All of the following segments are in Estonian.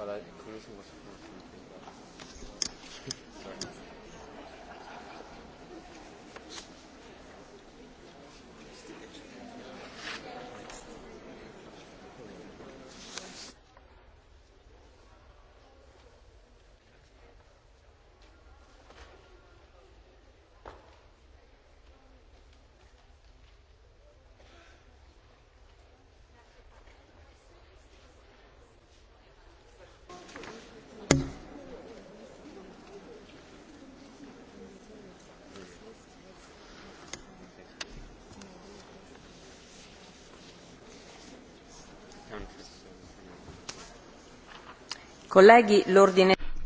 but I, Croatia was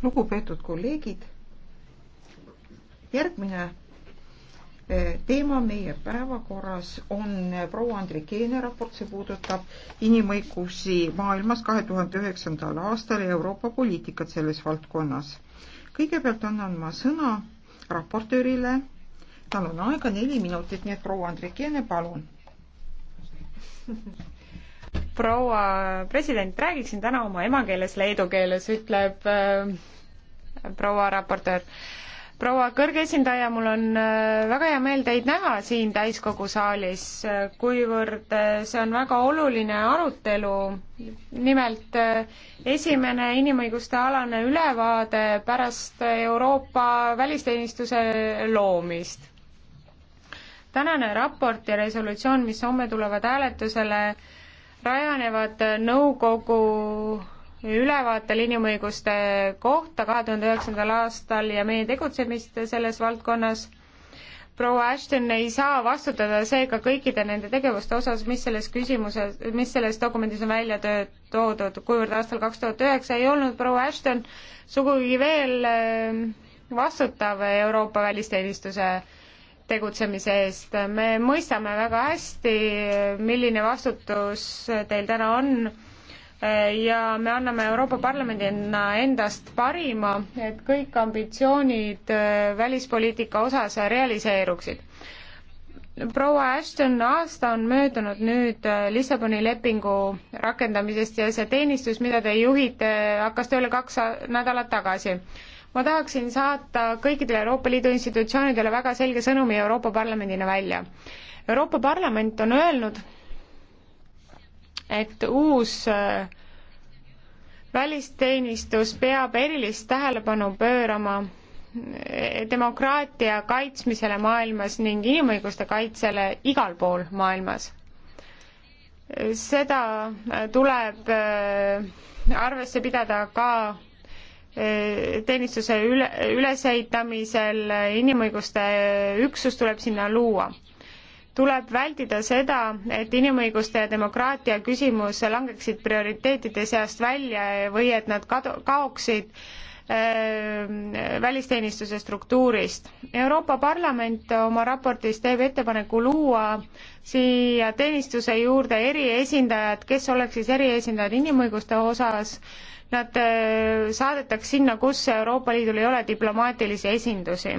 lugupeetud kolleegid, järgmine eh, teema meie päevakorras on eh, proua Andrikeene raport, see puudutab inimõigusi maailmas kahe tuhande üheksandal aastal ja Euroopa poliitikat selles valdkonnas. kõigepealt annan ma sõna raportöörile, tal on aega neli minutit, nii et proua Andrikeene, palun proua president, räägiksin täna oma emakeeles, leedu keeles, ütleb äh, proua raportöör. proua kõrge esindaja, mul on äh, väga hea meel teid näha siin täiskogu saalis, äh, kuivõrd äh, see on väga oluline arutelu. nimelt äh, esimene inimõiguste alane ülevaade pärast Euroopa välisteenistuse loomist tänane raport ja resolutsioon, mis homme tulevad hääletusele äh,, rajanevad nõukogu ülevaatel inimõiguste kohta kahe tuhande üheksandal aastal ja meie tegutsemist selles valdkonnas. proua Ashton ei saa vastutada seega kõikide nende tegevuste osas, mis selles küsimuses, mis selles dokumendis on välja töö, toodud, kuivõrd aastal kaks tuhat üheksa ei olnud proua Ashton sugugi veel ehm, vastutav Euroopa välisteenistuse äh, tegutsemise eest. me mõistame väga hästi, milline vastutus teil täna on ja me anname Euroopa Parlamendina endast parima, et kõik ambitsioonid välispoliitika osas realiseeruksid. proua Ashton, aasta on möödunud nüüd Lissaboni lepingu rakendamisest ja see teenistus, mida te juhite, hakkas tööle kaks nädalat tagasi ma tahaksin saata kõikidele Euroopa Liidu institutsioonidele väga selge sõnumi Euroopa Parlamendina välja. Euroopa Parlament on öelnud, et uus äh, välisteenistus peab erilist tähelepanu pöörama äh, demokraatia kaitsmisele maailmas ning inimõiguste kaitsele igal pool maailmas. seda äh, tuleb arvesse pidada ka teenistuse üle, ülesehitamisel, inimõiguste üksus tuleb sinna luua. tuleb vältida seda, et inimõiguste ja demokraatia küsimus langeksid prioriteetide seast välja või et nad kadu-, kaoksid äh, välisteenistuse struktuurist. Euroopa Parlament oma raportis teeb ettepaneku luua siia teenistuse juurde eriesindajad, kes oleks siis eriesindajad inimõiguste osas äh, nad äh, saadetaks sinna, kus Euroopa Liidul ei ole diplomaatilisi esindusi.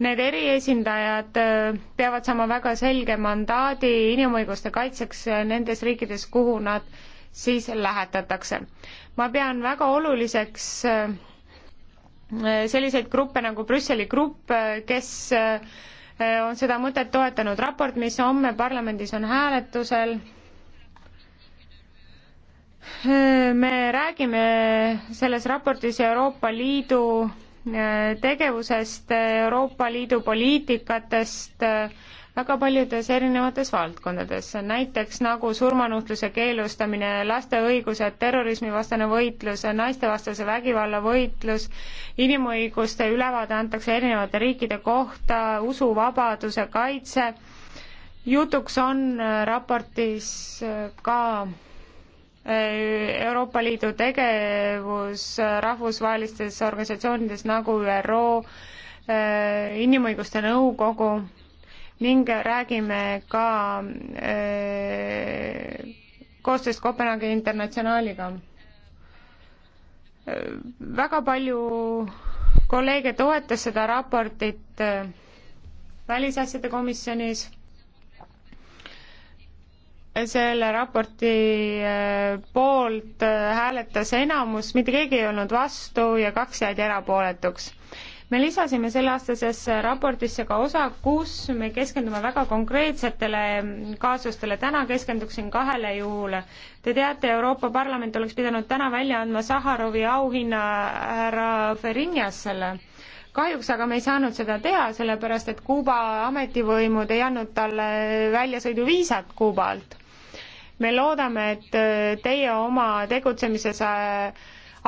Need eriesindajad äh, peavad saama väga selge mandaadi inimõiguste kaitseks äh, nendes riikides, kuhu nad siis lähetatakse. ma pean väga oluliseks selliseid gruppe nagu Brüsseli grupp, kes on seda mõtet toetanud, raport, mis homme parlamendis on hääletusel me räägime selles raportis Euroopa Liidu äh, tegevusest, Euroopa Liidu poliitikatest äh, väga paljudes erinevates valdkondades, näiteks nagu surmanuhtluse keelustamine, laste õigused, terrorismivastane võitlus, naistevastase vägivalla võitlus, inimõiguste ülevaade antakse erinevate riikide kohta, usuvabaduse kaitse, jutuks on äh, raportis ka Euroopa Liidu tegevus rahvusvahelistes organisatsioonides nagu ÜRO, äh, Inimõiguste Nõukogu ning räägime ka äh, koostöös Kopenhaagi Internatsionaaliga. väga palju kolleege toetas seda raportit äh, välisasjade komisjonis selle raporti äh, poolt äh, hääletas enamus, mitte keegi ei olnud vastu ja kaks jäid erapooletuks. me lisasime selleaastasesse raportisse ka osa, kus me keskendume väga konkreetsetele mm, kaasustele, täna keskenduksin kahele juhule. Te teate, Euroopa Parlament oleks pidanud täna välja andma Saharovi auhinna härra Ferinjasele kahjuks aga me ei saanud seda teha, sellepärast et Kuuba ametivõimud ei andnud talle väljasõiduviisat Kuubalt me loodame, et äh, teie oma tegutsemises äh,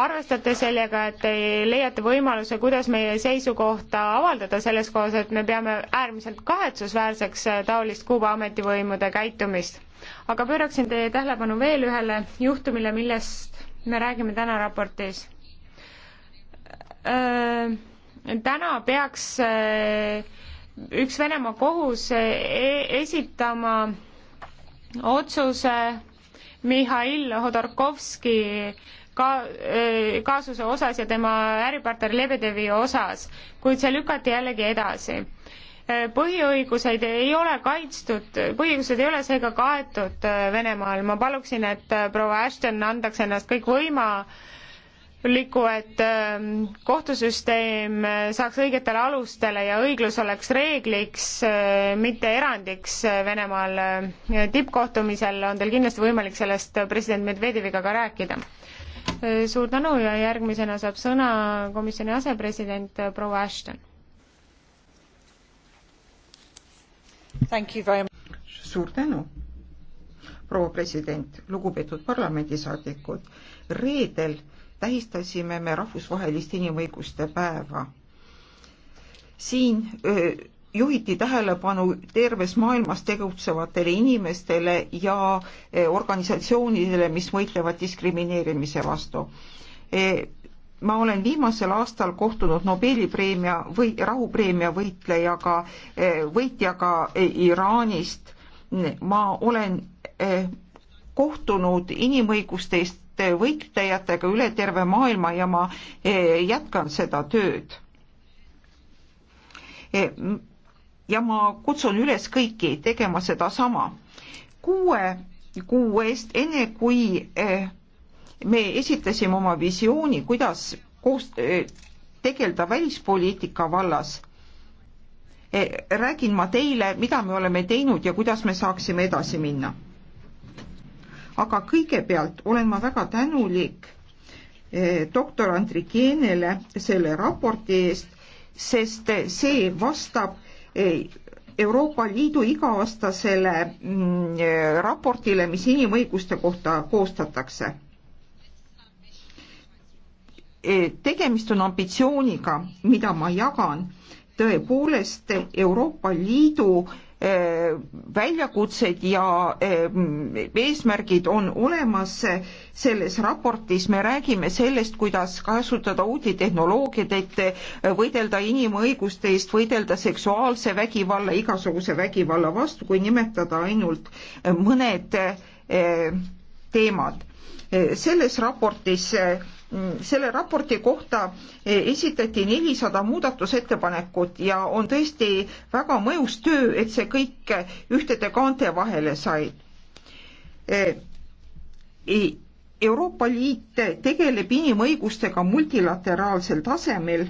arvestate sellega, et te leiate võimaluse, kuidas meie seisukohta avaldada selles kohas, et me peame äärmiselt kahetsusväärseks äh, taolist Kuuba ametivõimude käitumist. aga pööraksin teie tähelepanu veel ühele juhtumile, millest me räägime täna raportis. täna peaks üks Venemaa kohus e-, esitama otsuse Mihhail Hodorkovski ka-, äh, kaasuse osas ja tema äripartner Lebedevi osas, kuid see lükati jällegi edasi. Äh, põhiõiguseid ei ole kaitstud, põhiõigused ei ole seega kaetud äh, Venemaal, ma paluksin, et proua Ashton andaks ennast kõikvõima liku, et ähm, kohtusüsteem äh, saaks õigetele alustele ja õiglus oleks reegliks, äh, mitte erandiks äh, Venemaal tippkohtumisel, on teil kindlasti võimalik sellest president Medvedjeviga ka rääkida. suur tänu ja järgmisena saab sõna komisjoni asepresident proua Ashton. suur tänu, proua president, lugupeetud parlamendisaadikud, reedel tähistasime me rahvusvahelist inimõiguste päeva. siin juhiti tähelepanu terves maailmas tegutsevatele inimestele ja e, organisatsioonidele, mis võitlevad diskrimineerimise vastu. E, ma olen viimasel aastal kohtunud Nobeli preemia või rahupreemia võitlejaga, e, võitjaga Iraanist. ma olen kohtunud inimõiguste eest koostööd võitlejatega üle terve maailma ja ma eh, jätkan seda tööd. Eh, ja ma kutsun üles kõiki tegema sedasama. kuue kuu eest, enne kui eh, me esitasime oma visiooni, kuidas koos tegeleda välispoliitika vallas räägin ma teile, mida me oleme teinud ja kuidas me saaksime edasi minna aga kõigepealt olen ma väga tänulik eh, doktor Andrikeenele selle raporti eest, sest see vastab eh, Euroopa Liidu iga-aastasele mm, eh, raportile, mis inimõiguste kohta koostatakse. tegemist on ambitsiooniga, mida ma jagan. tõepoolest Euroopa Liidu väljakutsed ja ehm, eesmärgid on olemas selles raportis. me räägime sellest, kuidas kasutada uuti tehnoloogiaid, et eh, võidelda inimõiguste eest, võidelda seksuaalse vägivalla, igasuguse vägivalla vastu, kui nimetada ainult eh, mõned eh, teemad. selles raportis Mm, selle raporti kohta eh, esitati nelisada muudatusettepanekut ja on tõesti väga mõjus töö, et see kõik ühtede kaante vahele sai. Eh, e, Euroopa Liit tegeleb inimõigustega multilateraalsel tasemel.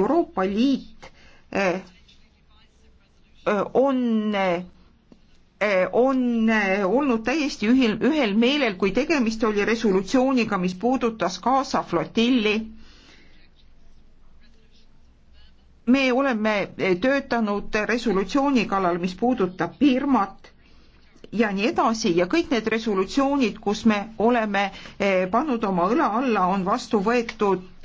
Euroopa Liit eh, on Eh, on eh, olnud täiesti ühel, ühel meelel, kui tegemist oli resolutsiooniga, mis puudutas Gaza flotilli. me oleme eh, töötanud resolutsiooni kallal, mis puudutab Birmat ja nii edasi ja kõik need resolutsioonid, kus me oleme pannud oma õla alla, on vastu võetud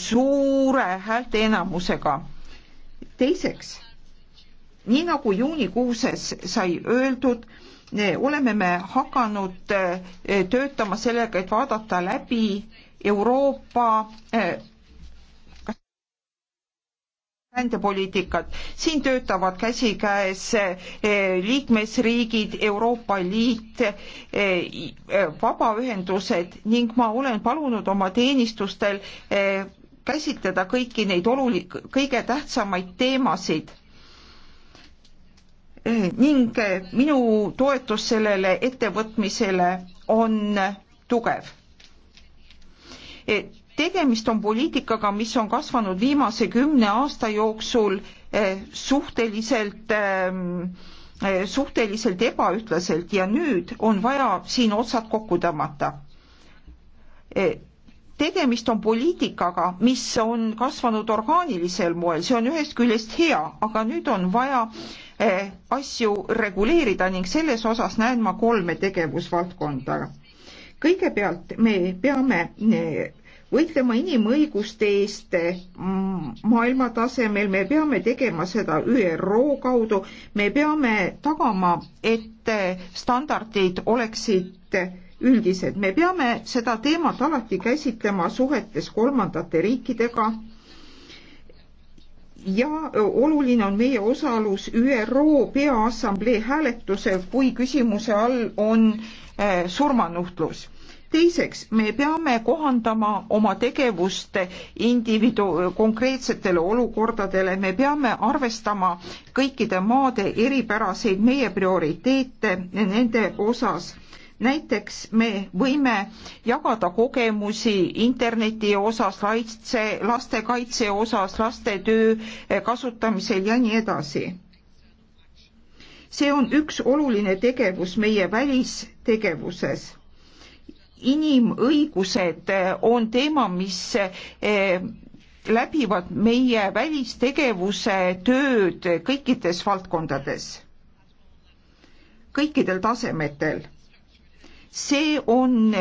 suure häälteenamusega. teiseks nii nagu juunikuuses sai öeldud, oleme me hakanud eh, töötama sellega, et vaadata läbi Euroopa eh, rändepoliitikat. siin töötavad käsikäes eh, liikmesriigid, Euroopa Liit, vabaühendused ning ma olen palunud oma teenistustel käsitleda kõiki neid oluli-, kõige tähtsamaid teemasid Eh, ning eh, minu toetus sellele ettevõtmisele on tugev. Eh, tegemist on poliitikaga, mis on kasvanud viimase kümne aasta jooksul suhteliselt suhteliselt ebaühtlaselt ja nüüd on vaja siin otsad kokku tõmmata. tegemist on poliitikaga, mis on kasvanud orgaanilisel moel, see on ühest küljest hea, aga nüüd on vaja äh, Eh, asju reguleerida ning selles osas näen ma kolme tegevusvaldkonda. kõigepealt me peame eh, võitlema inimõiguste eest mm, maailma tasemel, me peame tegema seda ÜRO kaudu, me peame tagama, et eh, standardid oleksid üldised, me peame seda teemat alati käsitlema suhetes kolmandate riikidega ja oluline on meie osalus ÜRO Peaassamblee hääletusel, kui küsimuse all on äh, surmanuhtlus. teiseks, me peame kohandama oma tegevust individu-, konkreetsetele olukordadele, me peame arvestama kõikide maade eripäraseid meie prioriteete nende osas näiteks me võime jagada kogemusi interneti osas, laste, lastekaitse osas, laste töö eh, kasutamisel ja nii edasi. see on üks oluline tegevus meie välistegevuses. inimõigused eh, on teema, mis eh, läbivad meie välistegevuse tööd kõikides valdkondades, kõikidel tasemetel see on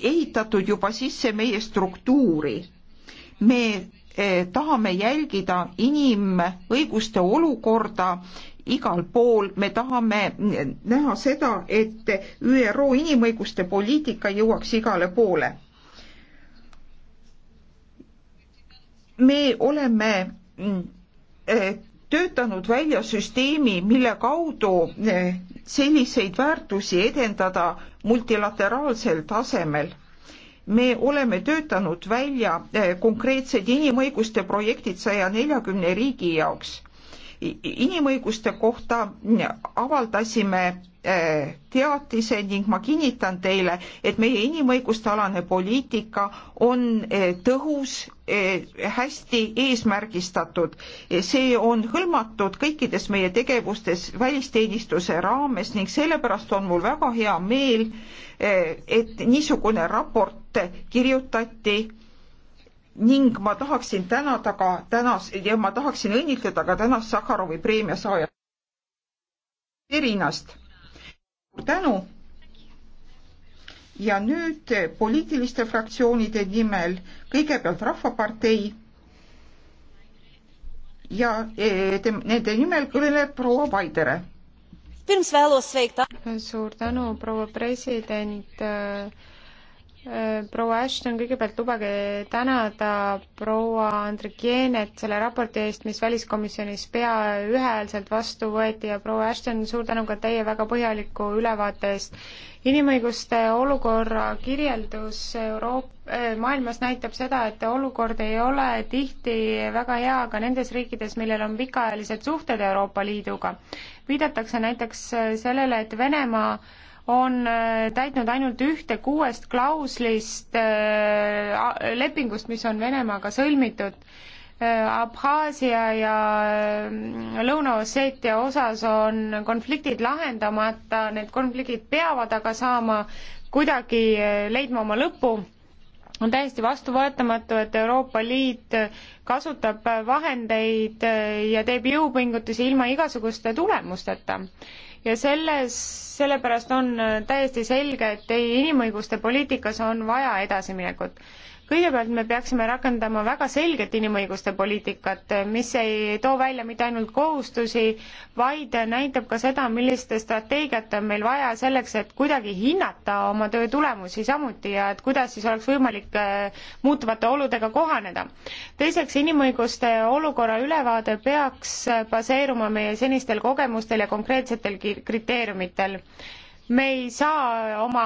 ehitatud juba sisse meie struktuuri. me eh, tahame jälgida inimõiguste olukorda igal pool, me tahame eh, näha seda, et ÜRO inimõiguste poliitika jõuaks igale poole. me oleme mm, eh, töötanud välja süsteemi, mille kaudu selliseid väärtusi edendada multilateraalsel tasemel. me oleme töötanud välja eh, konkreetsed inimõiguste projektid saja neljakümne riigi jaoks inimõiguste kohta avaldasime eh, teatise ning ma kinnitan teile, et meie inimõiguste alane poliitika on eh, tõhus, eh, hästi eesmärgistatud. see on hõlmatud kõikides meie tegevustes välisteenistuse raames ning sellepärast on mul väga hea meel, et niisugune raport kirjutati ning ma tahaksin tänada ka tänas ja ma tahaksin õnnitleda ka tänast Sahharovi preemia saajat Erinast. tänu. ja nüüd poliitiliste fraktsioonide nimel kõigepealt Rahvapartei ja e, e, nende nimel kõneleb proua Vaidere. suur tänu, proua president Äh, proua Ashton, kõigepealt lubage tänada proua Andrikienet selle raporti eest, mis väliskomisjonis pea ühehäälselt vastu võeti ja proua Ashton, suur tänu ka teie väga põhjaliku ülevaate eest. inimõiguste olukorra kirjeldus Euroop-, äh, maailmas näitab seda, et olukord ei ole tihti väga hea ka nendes riikides, millel on pikaajalised suhted Euroopa Liiduga. viidatakse näiteks sellele, et Venemaa on äh, täitnud ainult ühte kuuest klauslist äh, lepingust, mis on Venemaaga sõlmitud. Äh, Abhaasia ja Lõuna-Osseetia osas on konfliktid lahendamata, need konfliktid peavad aga saama kuidagi leidma oma lõpu on täiesti vastuvõetamatu, et Euroopa Liit kasutab vahendeid ja teeb jõupingutusi ilma igasuguste tulemusteta ja selles, sellepärast on äh, täiesti selge, et inimõiguste poliitikas on vaja edasiminekut kõigepealt me peaksime rakendama väga selget inimõiguste poliitikat, mis ei too välja mitte ainult kohustusi, vaid näitab ka seda, millist strateegiat on meil vaja selleks, et kuidagi hinnata oma töö tulemusi samuti ja et kuidas siis oleks võimalik äh, muutuvate oludega kohaneda. teiseks, inimõiguste olukorra ülevaade peaks baseeruma meie senistel kogemustel ja konkreetsetel kriteeriumitel me ei saa oma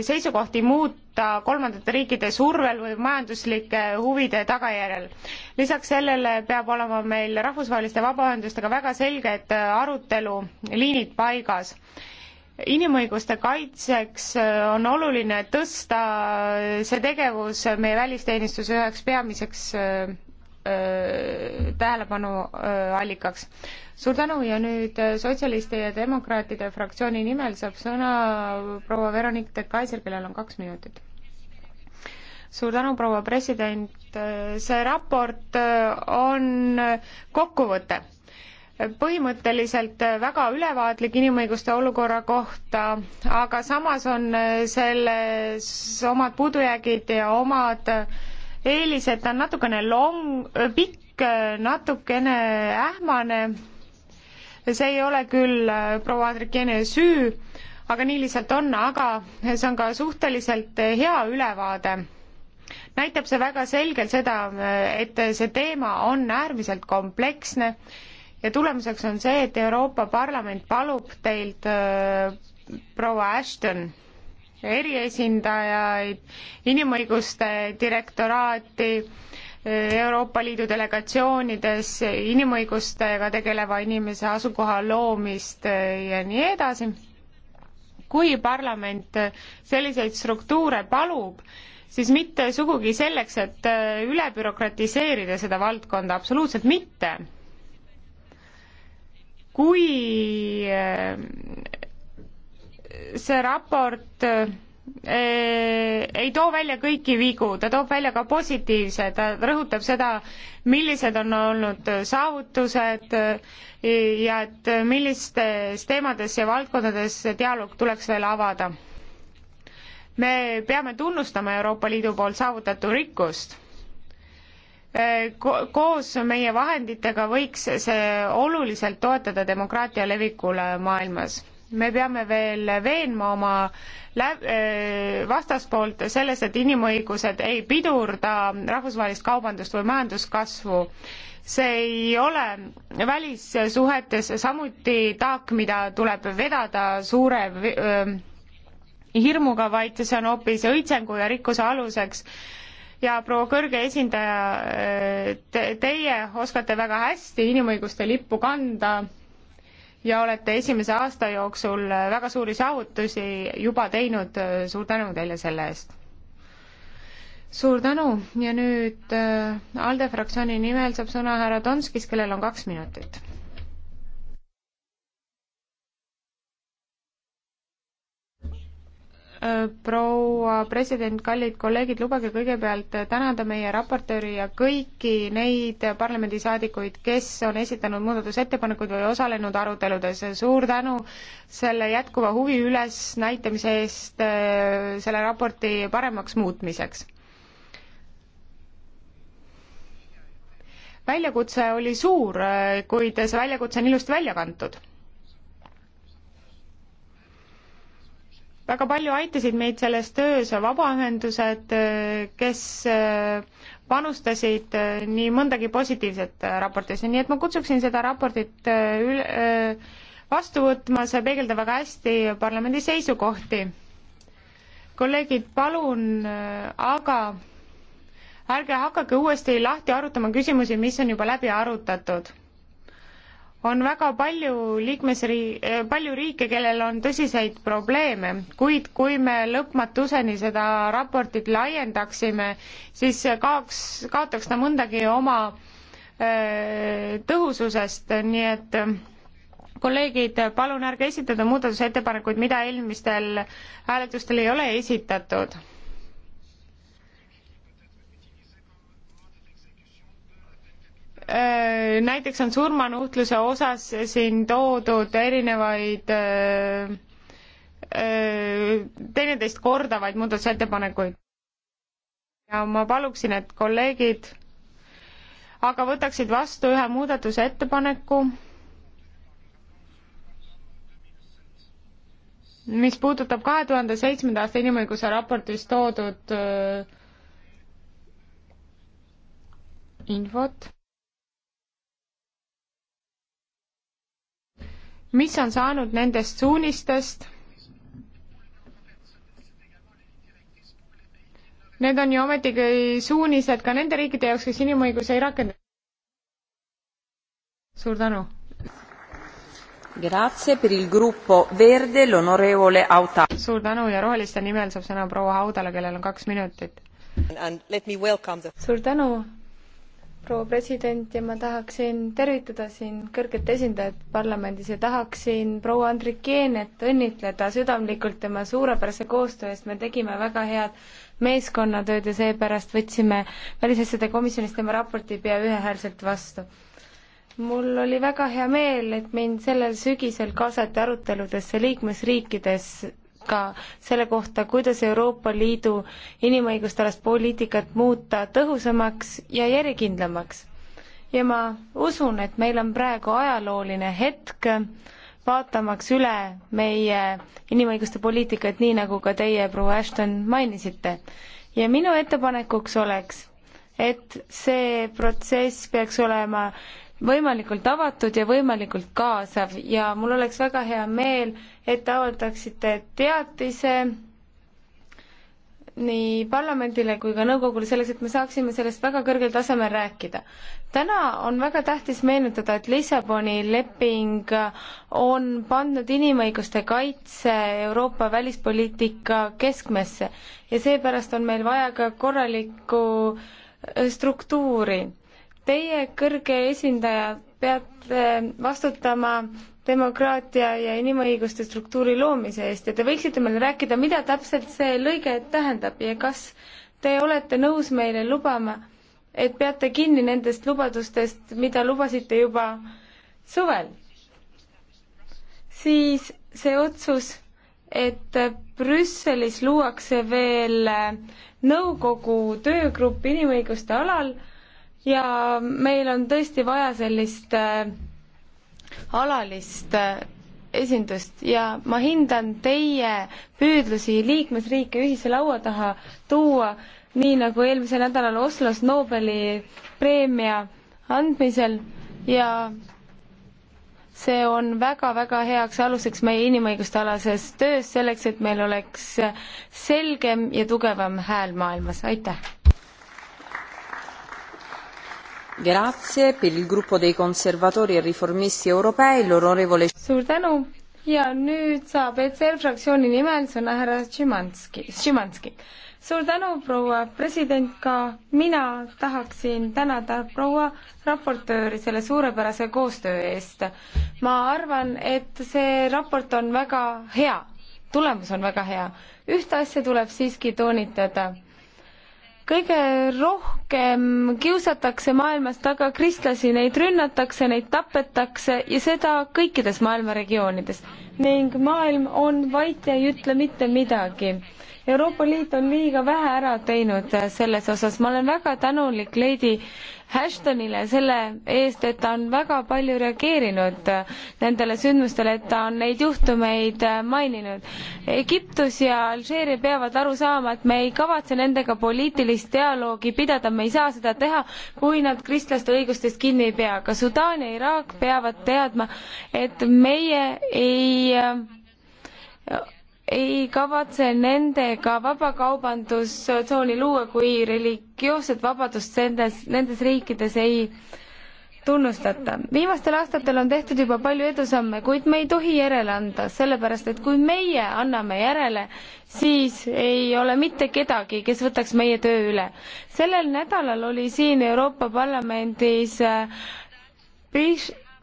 seisukohti muuta kolmandate riikide survel või majanduslike huvide tagajärjel. lisaks sellele peab olema meil rahvusvaheliste vabaühendustega väga selged aruteluliinid paigas. inimõiguste kaitseks on oluline tõsta see tegevus meie välisteenistuse üheks peamiseks tähelepanu allikaks. suur tänu ja nüüd Sotsialiste ja Demokraatide fraktsiooni nimel saab sõna proua Veronika de Kaiser, kellel on kaks minutit. suur tänu, proua president, see raport on kokkuvõte põhimõtteliselt väga ülevaatlik inimõiguste olukorra kohta, aga samas on selles omad puudujäägid ja omad äh, eelis, et ta on natukene long, pikk, natukene ähmane, see ei ole küll äh, proua Andrikene süü, aga nii lihtsalt on, aga see on ka suhteliselt äh, hea ülevaade. näitab see väga selgelt seda, äh, et see teema on äärmiselt kompleksne ja tulemuseks on see, et Euroopa Parlament palub teilt proua Ashton eriesindajaid, inimõiguste direktoraati, Euroopa Liidu delegatsioonides inimõigustega tegeleva inimese asukoha loomist ja nii edasi. kui parlament selliseid struktuure palub, siis mitte sugugi selleks, et üle bürokratiseerida seda valdkonda, absoluutselt mitte kui see raport äh, ei too välja kõiki vigu, ta toob välja ka positiivse, ta rõhutab seda, millised on olnud saavutused äh, ja et millistes teemades ja valdkondades dialoog tuleks veel avada. me peame tunnustama Euroopa Liidu poolt saavutatu rikkust äh, Ko. koos meie vahenditega võiks see oluliselt toetada demokraatia levikule maailmas me peame veel veenma oma läb, äh, vastaspoolt selles, et inimõigused ei pidurda rahvusvahelist kaubandust või majanduskasvu. see ei ole välissuhetes samuti taak, mida tuleb vedada suure äh, hirmuga, vaid see on hoopis õitsengu ja rikkuse aluseks ja proua kõrge esindaja, äh, teie oskate väga hästi inimõiguste lippu kanda ja olete esimese aasta jooksul väga suuri saavutusi juba teinud, suur tänu teile selle eest! suur tänu ja nüüd äh, ALDE fraktsiooni nimel saab sõna härra Donskis, kellel on kaks minutit. Äh, proua president, kallid kolleegid, lubage kõigepealt tänada meie raportööri ja kõiki neid parlamendisaadikuid, kes on esitanud muudatusettepanekuid või osalenud aruteludes. suur tänu selle jätkuva huvi ülesnäitamise eest äh, selle raporti paremaks muutmiseks. väljakutse oli suur, äh, kuid see väljakutse on ilusti välja kantud väga palju aitasid meid selles töös vabaühendused, kes äh, panustasid äh, nii mõndagi positiivset äh, raportisse, nii et ma kutsuksin seda raportit üle, vastu võtma, see peegeldab väga hästi parlamendi seisukohti. kolleegid, palun aga ärge hakake uuesti lahti arutama küsimusi, mis on juba läbi arutatud on väga palju liikmesriike, eh, palju riike, kellel on tõsiseid probleeme, kuid kui me lõpmatuseni seda raportit laiendaksime, siis kaoks, kaotaks ta mõndagi oma öö, eh, tõhususest, nii et eh, kolleegid, palun ärge esitada muudatusettepanekuid, mida eelmistel hääletustel ei ole esitatud Äh, näiteks on surmanuhtluse osas siin toodud erinevaid äh, äh, teineteist kordavaid muudatusettepanekuid. ja ma paluksin, et kolleegid aga võtaksid vastu ühe muudatusettepaneku, mis puudutab kahe tuhande seitsmenda aasta inimõiguse raportis toodud infot mis on saanud nendest suunistest? Need on ju ometigi suunised ka nende riikide jaoks, kes inimõigusi ei rakenda. suur tänu. suur tänu ja roheliste nimel saab sõna proua Haudala, kellel on kaks minutit. suur tänu proua president ja ma tahaksin tervitada siin kõrget esindajat parlamendis ja tahaksin proua Andrikeenet õnnitleda südamlikult tema suurepärase koostöö eest, me tegime väga head meeskonnatööd ja seepärast võtsime välisasjade komisjonis tema raporti pea ühehäälselt vastu. mul oli väga hea meel, et mind sellel sügisel kaasati aruteludesse liikmesriikides ka selle kohta, kuidas Euroopa Liidu inimõigustalast poliitikat muuta tõhusamaks ja järjekindlamaks. ja ma usun, et meil on praegu ajalooline hetk, vaatamaks üle meie inimõiguste poliitikat, nii nagu ka teie, proua Ashton, mainisite. ja minu ettepanekuks oleks, et see protsess peaks olema võimalikult avatud ja võimalikult kaasav ja mul oleks väga hea meel, et te avaldaksite teatise nii parlamendile kui ka nõukogule selleks, et me saaksime sellest väga kõrgel tasemel rääkida. täna on väga tähtis meenutada, et Lissaboni leping on pandud inimõiguste kaitse Euroopa välispoliitika keskmesse ja seepärast on meil vaja ka korralikku struktuuri Teie kõrge esindaja peate vastutama demokraatia ja inimõiguste struktuuri loomise eest ja te võiksite meile rääkida, mida täpselt see lõige tähendab ja kas te olete nõus meile lubama, et peate kinni nendest lubadustest, mida lubasite juba suvel, siis see otsus, et Brüsselis luuakse veel nõukogu töögrupp inimõiguste alal ja meil on tõesti vaja sellist äh, alalist äh, esindust ja ma hindan teie püüdlusi liikmesriike ühise laua taha tuua, nii nagu eelmisel nädalal Oslos Nobeli preemia andmisel ja see on väga-väga heaks aluseks meie inimõiguste alases töös, selleks et meil oleks selgem ja tugevam hääl maailmas, aitäh! Grazie per il gruppo dei conservatori e riformisti europei, l'onorevole. suur tänu ja nüüd saab ECR fraktsiooni nimel sõna härra Šimanski, Šimanski. suur tänu, proua president, ka mina tahaksin tänada proua raportööri selle suurepärase koostöö eest. ma arvan, et see raport on väga hea, tulemus on väga hea. ühte asja tuleb siiski toonitada kõige rohkem kiusatakse maailmas taga kristlasi, neid rünnatakse, neid tapetakse ja seda kõikides maailma regioonides ning maailm on vait ja ei ütle mitte midagi Euroopa Liit on liiga vähe ära teinud äh, selles osas, ma olen väga tänulik Lady Ashtonile selle eest, et ta on väga palju reageerinud äh, nendele sündmustele, et ta on neid juhtumeid äh, maininud. Egiptus ja Alžeeria peavad aru saama, et me ei kavatse nendega poliitilist dialoogi pidada, me ei saa seda teha, kui nad kristlaste õigustest kinni ei pea. ka Sudaan ja Iraak peavad teadma, et meie ei ei kavatse nendega vabakaubandustsooni luua, kui religioosset vabadust nendes, nendes riikides ei tunnustata. viimastel aastatel on tehtud juba palju edusamme, kuid me ei tohi järele anda, sellepärast et kui meie anname järele, siis ei ole mitte kedagi, kes võtaks meie töö üle. sellel nädalal oli siin Euroopa Parlamendis äh,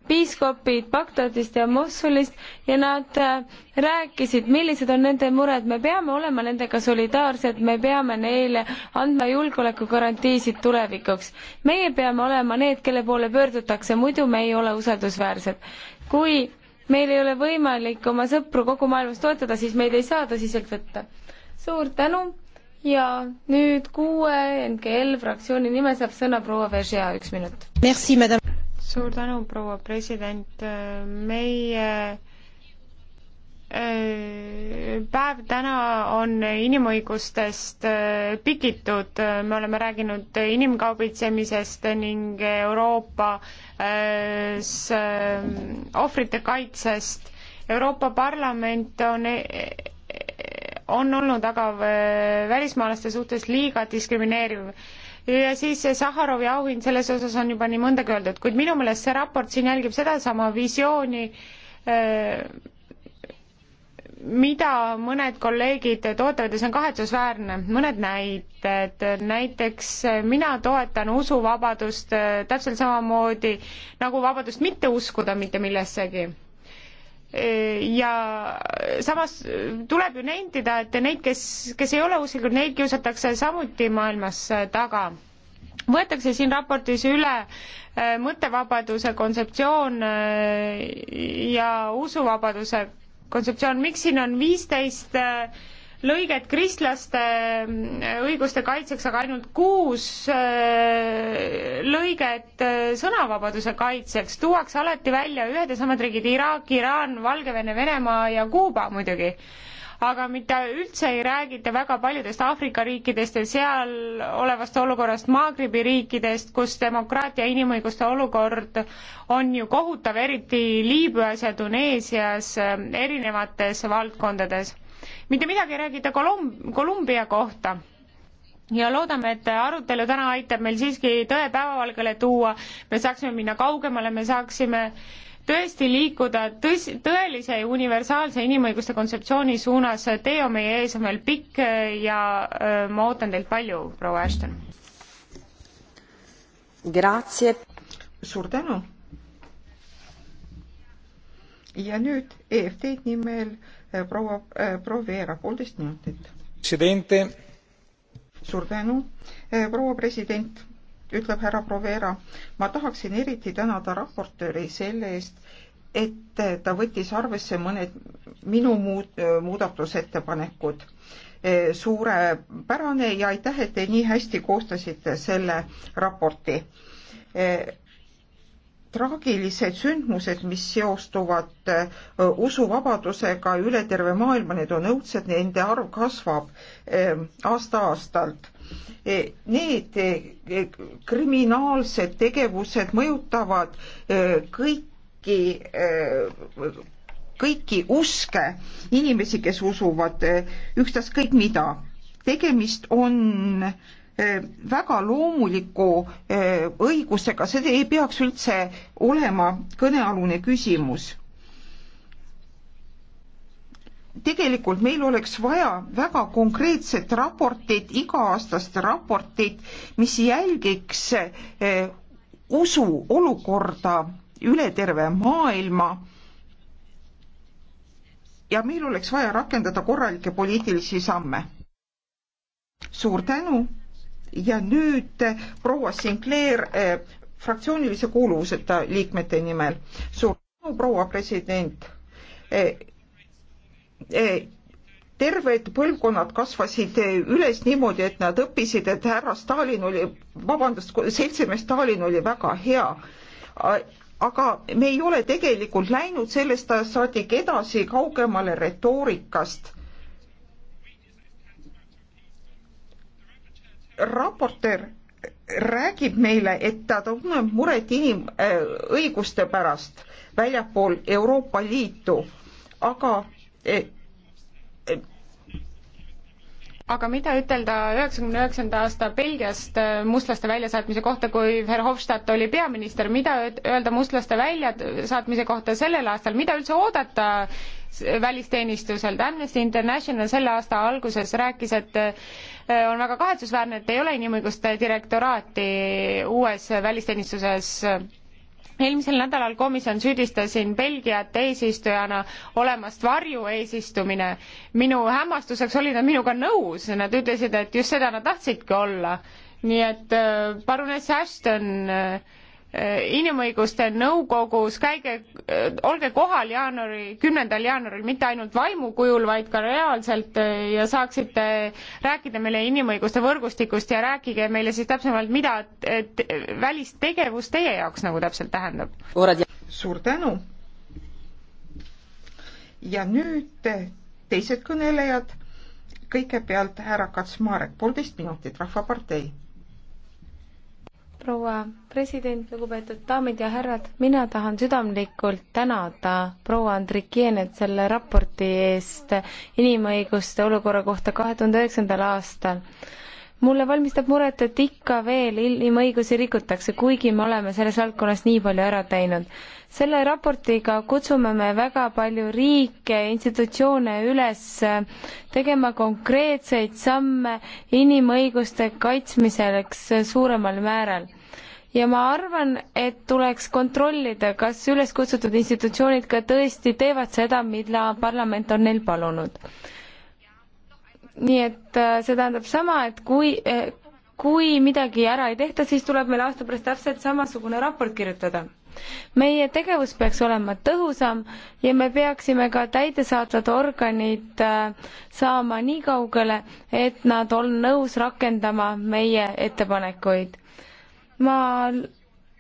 piiskopid Bagdadist ja Mosulist ja nad äh, rääkisid, millised on nende mured, me peame olema nendega solidaarsed, me peame neile andma julgeolekugarantiisid tulevikuks. meie peame olema need, kelle poole pöördutakse, muidu me ei ole usaldusväärsed. kui meil ei ole võimalik oma sõpru kogu maailmas toetada, siis meid ei saa tõsiselt võtta. suur tänu ja nüüd kuue NGL fraktsiooni nimel saab sõna proua Veržea, üks minut suur tänu, proua president, meie äh, päev täna on inimõigustest äh, pikitud, me oleme rääkinud inimkaubitsemisest ning Euroopas äh, ohvrite kaitsest. Euroopa Parlament on e-, e-, on olnud aga välismaalaste suhtes liiga diskrimineeriv ja siis see Saharovi auhind, selles osas on juba nii mõndagi öeldud, kuid minu meelest see raport siin jälgib sedasama visiooni, äh, mida mõned kolleegid toetavad ja see on kahetsusväärne, mõned näited, näiteks äh, mina toetan usuvabadust äh, täpselt samamoodi nagu vabadust mitte uskuda mitte millessegi ja samas tuleb ju nentida, et neid, kes, kes ei ole usklikud, neid kiusatakse samuti maailmas taga. võetakse siin raportis üle äh, mõttevabaduse kontseptsioon äh, ja usuvabaduse kontseptsioon, miks siin on viisteist 15 äh, lõiget kristlaste äh, õiguste kaitseks, aga ainult kuus äh, lõiget äh, sõnavabaduse kaitseks. tuuakse alati välja ühed ja samad riigid, Iraak, Iraan, Valgevene, Venemaa ja Kuuba muidugi. aga mitte üldse ei räägita väga paljudest Aafrika riikidest ja seal olevast olukorrast, Maagribi riikidest, kus demokraatia ja inimõiguste olukord on ju kohutav, eriti Liibüas ja Tuneesias, erinevates valdkondades mitte midagi ei räägita Kolum-, Kolumbia kohta ja loodame, et arutelu täna aitab meil siiski tõe päevavalgele tuua, me saaksime minna kaugemale, me saaksime tõesti liikuda tõs-, tõelise ja universaalse inimõiguste kontseptsiooni suunas, tee on meie ees, on veel pikk ja öö, ma ootan teilt palju, proua Ashton. suur tänu. ja nüüd EFT-d nimel Eh, proua eh, Provera, poolteist minutit. suur tänu, eh, proua president, ütleb härra Provera. ma tahaksin eriti tänada raportööri selle eest, et ta võttis arvesse mõned minu muud, muudatusettepanekud. suurepärane ja aitäh, et te nii hästi koostasite selle raporti traagilised sündmused, mis seostuvad äh, usuvabadusega üle terve maailma, need on õudsed, nende arv kasvab ähm, aasta-aastalt. Äh, need äh, kriminaalsed tegevused mõjutavad kõiki kõiki uske, inimesi, kes usuvad ükstaskõik mida. tegemist on äh, väga loomuliku õigusega, see ei peaks üldse olema kõnealune küsimus. tegelikult meil oleks vaja väga konkreetset raportit, iga-aastast raportit, mis jälgiks usu olukorda üle terve maailma ja meil oleks vaja rakendada korralikke poliitilisi samme. suur tänu ja nüüd eh, proua Sinclair eh, fraktsioonilise kuuluvuseta liikmete nimel. suur tänu, proua president. Eh, terved põlvkonnad kasvasid üles niimoodi, et nad õppisid, et härra Stalin oli, vabandust, seltsimees Stalin oli väga hea aga me ei ole tegelikult läinud sellest ajast saadik edasi kaugemale retoorikast raportöör räägib meile, et ta tunneb muret inimõiguste äh, pärast väljapool Euroopa Liitu, aga äh, äh, aga mida ütelda üheksakümne üheksanda aasta Belgiast mustlaste väljasaatmise kohta, kui Verhofstadt oli peaminister, mida öelda mustlaste väljasaatmise kohta sellel aastal, mida üldse oodata välisteenistuselt, Amnesty International selle aasta alguses rääkis, et Äh, on väga kahetsusväärne, et ei ole inimõiguste direktoraati uues välisteenistuses eelmisel nädalal komisjon süüdistas siin Belgiat eesistujana olemast varjueesistumine. minu hämmastuseks olid nad minuga nõus, nad ütlesid, et just seda nad tahtsidki olla. nii et äh, paruness Ashton äh, inimõiguste nõukogus, käige, olge kohal jaanuari, kümnendal jaanuaril, mitte ainult vaimu kujul, vaid ka reaalselt eh, ja saaksite rääkida meile inimõiguste võrgustikust ja rääkige meile siis täpsemalt, mida välistegevus teie jaoks nagu täpselt tähendab. suur tänu. ja nüüd eh, teised kõnelejad. kõigepealt härra Kats-Marek, poolteist minutit, Rahvapartei proua president, lugupeetud daamid ja härrad, mina tahan südamlikult tänada proua Andrikienet selle raporti eest inimõiguste olukorra kohta kahe tuhande üheksandal aastal mulle valmistab muret, et ikka veel inimõigusi rikutakse, kuigi me oleme selles valdkonnas nii palju ära teinud. selle raportiga kutsume me väga palju riike, institutsioone üles tegema konkreetseid samme inimõiguste kaitsmiseks suuremal määral ja ma arvan, et tuleks kontrollida, kas üles kutsutud institutsioonid ka tõesti teevad seda, mida parlament on neil palunud nii et äh, see tähendab sama, et kui, äh, kui midagi ära ei tehta, siis tuleb meil aasta pärast täpselt samasugune raport kirjutada. meie tegevus peaks olema tõhusam ja me peaksime ka täidesaatvad organid äh, saama nii kaugele, et nad on nõus rakendama meie ettepanekuid. ma,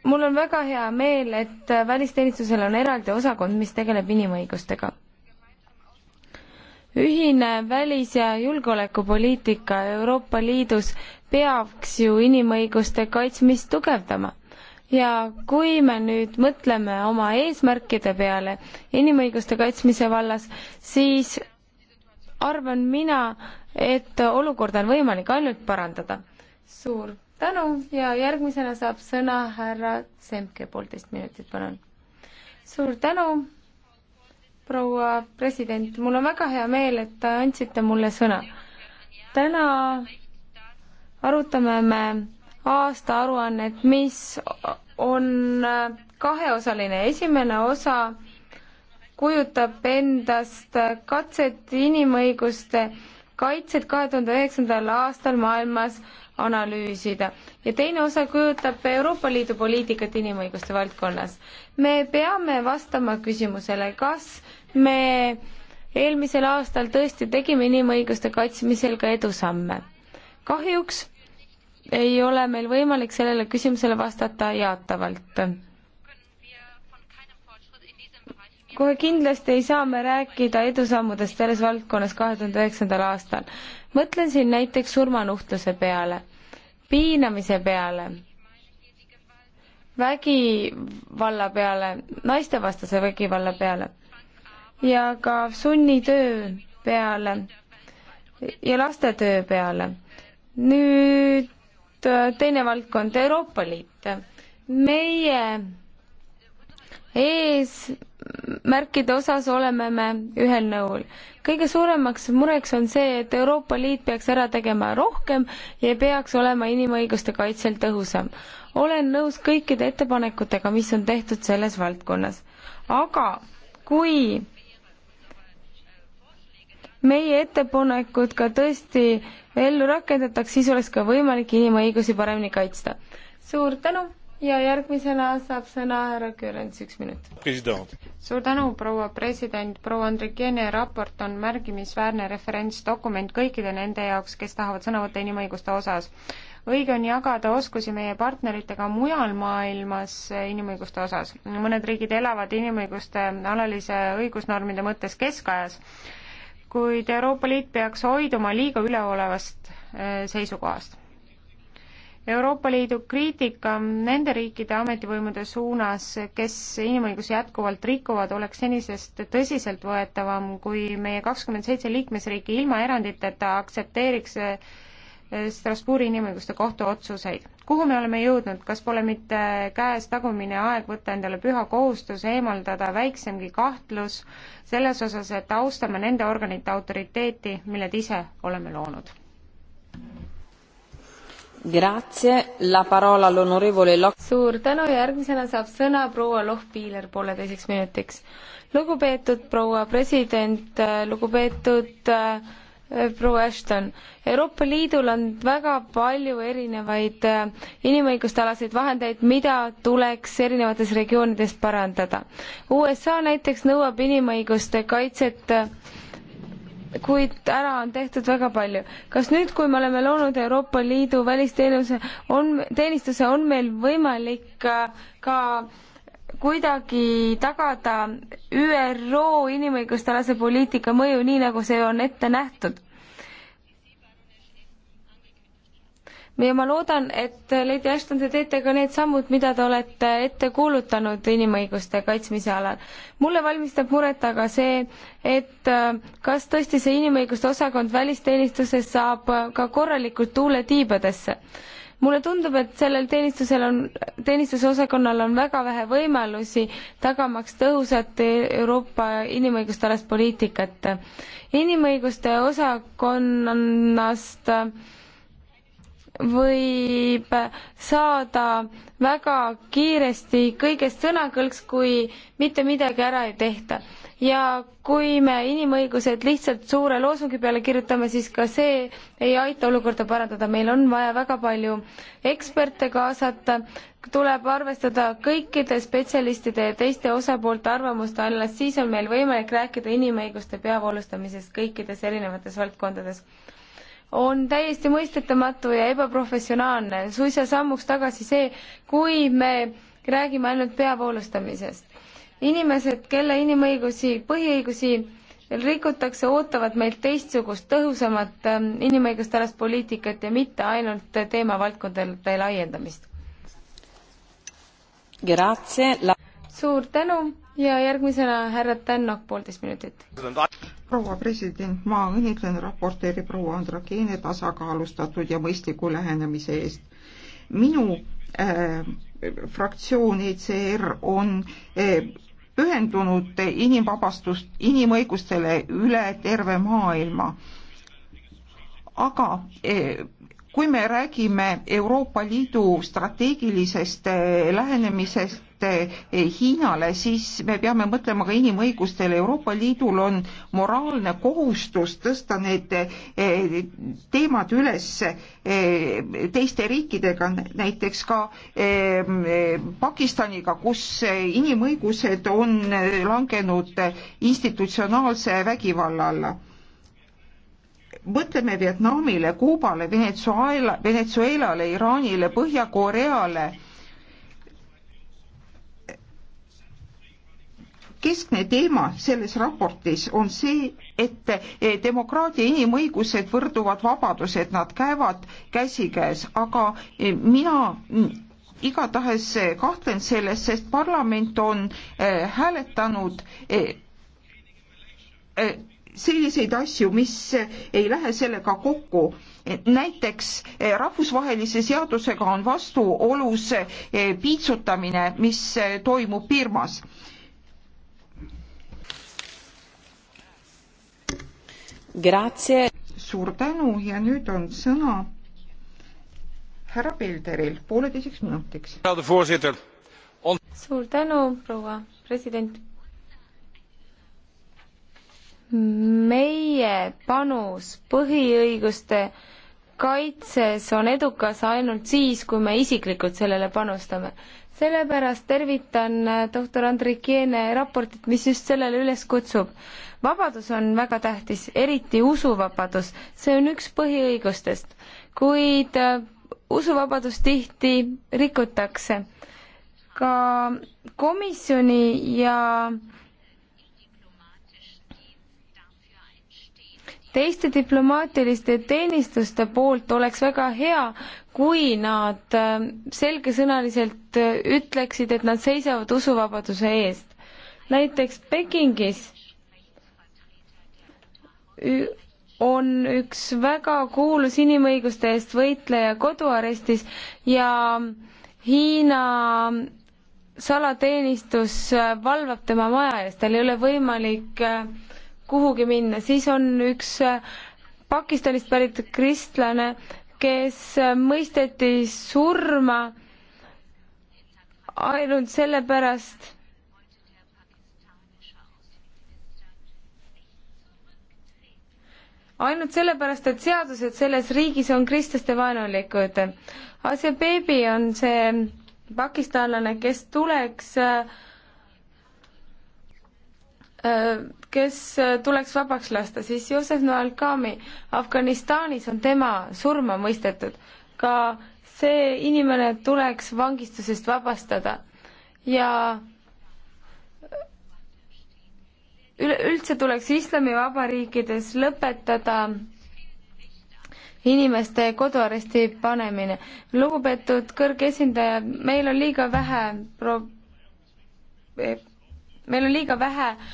mul on väga hea meel, et välisteenistusel on eraldi osakond, mis tegeleb inimõigustega ühine välis- ja julgeolekupoliitika Euroopa Liidus peaks ju inimõiguste kaitsmist tugevdama. ja kui me nüüd mõtleme oma eesmärkide peale inimõiguste kaitsmise vallas, siis arvan mina, et olukorda on võimalik ainult parandada. suur tänu ja järgmisena saab sõna härra Semke, poolteist minutit, palun. suur tänu proua president, mul on väga hea meel, et te andsite mulle sõna. täna arutame me aastaaruannet, mis on kaheosaline. esimene osa kujutab endast katset inimõiguste kaitset kahe tuhande üheksandal aastal maailmas analüüsida. ja teine osa kujutab Euroopa Liidu poliitikat inimõiguste valdkonnas. me peame vastama küsimusele, kas me eelmisel aastal tõesti tegime inimõiguste kaitsmisel ka edusamme. kahjuks ei ole meil võimalik sellele küsimusele vastata jaatavalt. kohe kindlasti ei saa me rääkida edusammudest selles valdkonnas kahe tuhande üheksandal aastal mõtlen siin näiteks surmanuhtluse peale, piinamise peale, vägivalla peale, naistevastase vägivalla peale ja ka sunnitöö peale ja lastetöö peale. nüüd äh, teine valdkond, Euroopa Liit. meie ees märkide osas oleme me ühel nõul. kõige suuremaks mureks on see, et Euroopa Liit peaks ära tegema rohkem ja peaks olema inimõiguste kaitsel tõhusam. olen nõus kõikide ettepanekutega, mis on tehtud selles valdkonnas. aga kui meie ettepanekud ka tõesti ellu rakendataks, siis oleks ka võimalik inimõigusi paremini kaitsta. suur tänu! ja järgmisena saab sõna härra Kürents, üks minut. suur tänu, proua president, proua Andrikene raport on märgimisväärne referentsdokument kõikide nende jaoks, kes tahavad sõna võtta inimõiguste osas. õige on jagada oskusi meie partneritega mujal maailmas inimõiguste osas. mõned riigid elavad inimõiguste alalise õigusnormide mõttes keskajas, kuid Euroopa Liit peaks hoiduma liiga üleolevast eh, seisukohast Euroopa Liidu kriitika nende riikide ametivõimude suunas, kes inimõigusi jätkuvalt rikuvad, oleks senisest tõsiseltvõetavam, kui meie kakskümmend seitse liikmesriiki ilma eranditeta aktsepteeriks eh, Strasbourgi inimõiguste kohtu otsuseid. kuhu me oleme jõudnud, kas pole mitte käes tagumine aeg võtta endale püha kohustus eemaldada väiksemgi kahtlus selles osas, et austame nende organite autoriteeti, milled ise oleme loonud? suur tänu, järgmisena saab sõna proua Lohpiiler pooleteiseks minutiks. lugupeetud proua president, lugupeetud äh, proua Ashton, Euroopa Liidul on väga palju erinevaid äh, inimõiguste alaseid vahendeid, mida tuleks erinevates regioonides parandada. USA näiteks nõuab inimõiguste kaitset äh, kuid ära on tehtud väga palju. kas nüüd, kui me oleme loonud Euroopa Liidu välisteenuse, on, teenistuse, on meil võimalik äh, ka kuidagi tagada ÜRO inimõigustealase poliitika mõju, nii nagu see on ette nähtud? ja ma loodan, et Lady Ashton, te teete ka need sammud, mida te olete ette kuulutanud inimõiguste kaitsmise alal. mulle valmistab muret aga see, et kas tõesti see inimõiguste osakond välisteenistuses saab ka korralikult tuule tiibadesse mulle tundub, et sellel teenistusel on, teenistuse osakonnal on väga vähe võimalusi tagamaks tõhusat Euroopa inimõiguste alast poliitikat. inimõiguste osakonnast äh, võib saada väga kiiresti kõigest sõnakõlks, kui mitte midagi ära ei tehta. ja kui me inimõigused lihtsalt suure loosungi peale kirjutame, siis ka see ei aita olukorda parandada, meil on vaja väga palju eksperte kaasata, tuleb arvestada kõikide spetsialistide ja teiste osapoolte arvamust, alles siis on meil võimalik rääkida inimõiguste peavoolustamisest kõikides erinevates valdkondades on täiesti mõistetamatu ja ebaprofessionaalne, suisa sammuks tagasi see, kui me räägime ainult peavoolustamisest. inimesed, kelle inimõigusi, põhiõigusi rikutakse, ootavad meilt teistsugust, tõhusamat ähm, inimõiguste alast poliitikat ja mitte ainult teemavaldkondade laiendamist. La... suur tänu ja järgmisena härra Tännok, poolteist minutit. proua president, ma õnnitlen raportööri proua Andrakeene tasakaalustatud ja mõistliku lähenemise eest. minu äh, fraktsioon ECR on äh, pühendunud inimvabastust, inimõigustele üle terve maailma. aga äh, kui me räägime Euroopa Liidu strateegilisest eh, lähenemisest eh, Hiinale, siis me peame mõtlema ka inimõigustele. Euroopa Liidul on moraalne kohustus tõsta need eh, teemad üles teiste riikidega, näiteks ka Pakistaniga, kus inimõigused on langenud institutsionaalse vägivalla alla mõtleme Vietnamile, Kuubale, Venezuela, Venezuelale, Iraanile, Põhja-Koreale. keskne teema selles raportis on see, et eh, demokraatia inimõigused võrduvad vabadused, nad käivad käsikäes, aga eh, mina mm, igatahes eh, kahtlen selles, sest parlament on hääletanud äh, äh, selliseid asju, mis ei lähe sellega kokku. näiteks eh, rahvusvahelise seadusega on vastuolus eh, piitsutamine, mis eh, toimub Birmas Grazie. suur tänu ja nüüd on sõna härra Pelderil pooleteiseks minutiks. suur tänu, proua president meie panus põhiõiguste kaitses on edukas ainult siis, kui me isiklikult sellele panustame. sellepärast tervitan äh, doktor Andrik Jeene raportit, mis just sellele üles kutsub. vabadus on väga tähtis, eriti usuvabadus, see on üks põhiõigustest, kuid äh, usuvabadust tihti rikutakse. ka komisjoni ja äh, teiste diplomaatiliste teenistuste poolt oleks väga hea, kui nad äh, selgesõnaliselt äh, ütleksid, et nad seisavad usuvabaduse eest. näiteks Pekingis on üks väga kuulus inimõiguste eest võitleja koduarestis ja Hiina salateenistus äh, valvab tema maja eest, tal ei ole võimalik äh, kuhugi minna, siis on üks äh, Pakistanist pärit kristlane, kes äh, mõisteti surma ainult sellepärast, ainult sellepärast, et seadused selles riigis on kristlaste vaenulikud. Asia Beebi on see pakistanlane, kes tuleks äh, äh kes äh, tuleks vabaks lasta, siis Josef Noel Kami Afganistanis on tema surma mõistetud. ka see inimene tuleks vangistusest vabastada ja äh, üleüldse tuleks islamivabariikides lõpetada inimeste koduaresti panemine. lugupeetud kõrge esindaja, meil on liiga vähe pro-, eh, meil on liiga vähe äh,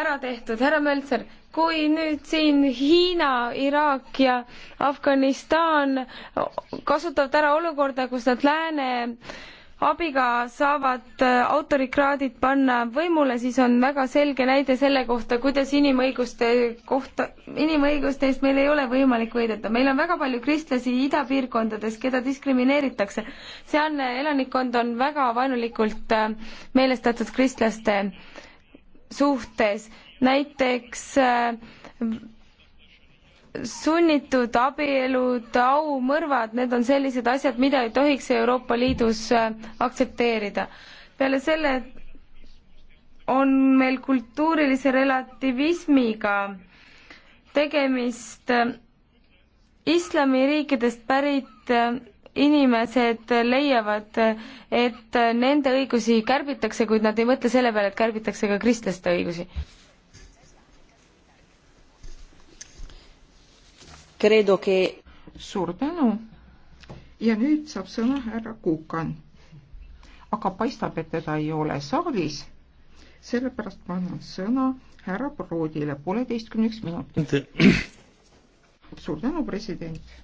ära tehtud. härra Möltser, kui nüüd siin Hiina, Iraak ja Afganistan kasutavad ära olukorda, kus nad lääne abiga saavad äh, autorikraadid panna võimule, siis on väga selge näide selle kohta, kuidas inimõiguste kohta, inimõiguste eest meil ei ole võimalik võidelda. meil on väga palju kristlasi idapiirkondades, keda diskrimineeritakse. sealne äh, elanikkond on väga vaenulikult äh, meelestatud kristlaste suhtes, näiteks äh, sunnitud abielud, aumõrvad, need on sellised asjad, mida ei tohiks Euroopa Liidus äh, aktsepteerida. peale selle on meil kultuurilise relativismiga tegemist äh, islamiriikidest pärit inimesed leiavad, et nende õigusi kärbitakse, kuid nad ei mõtle selle peale, et kärbitakse ka kristlaste õigusi. Ke... suur tänu ja nüüd saab sõna härra Kukan. aga paistab, et teda ei ole saalis, sellepärast ma annan sõna härra Proodile pooleteistkümneks minutiks. suur tänu, president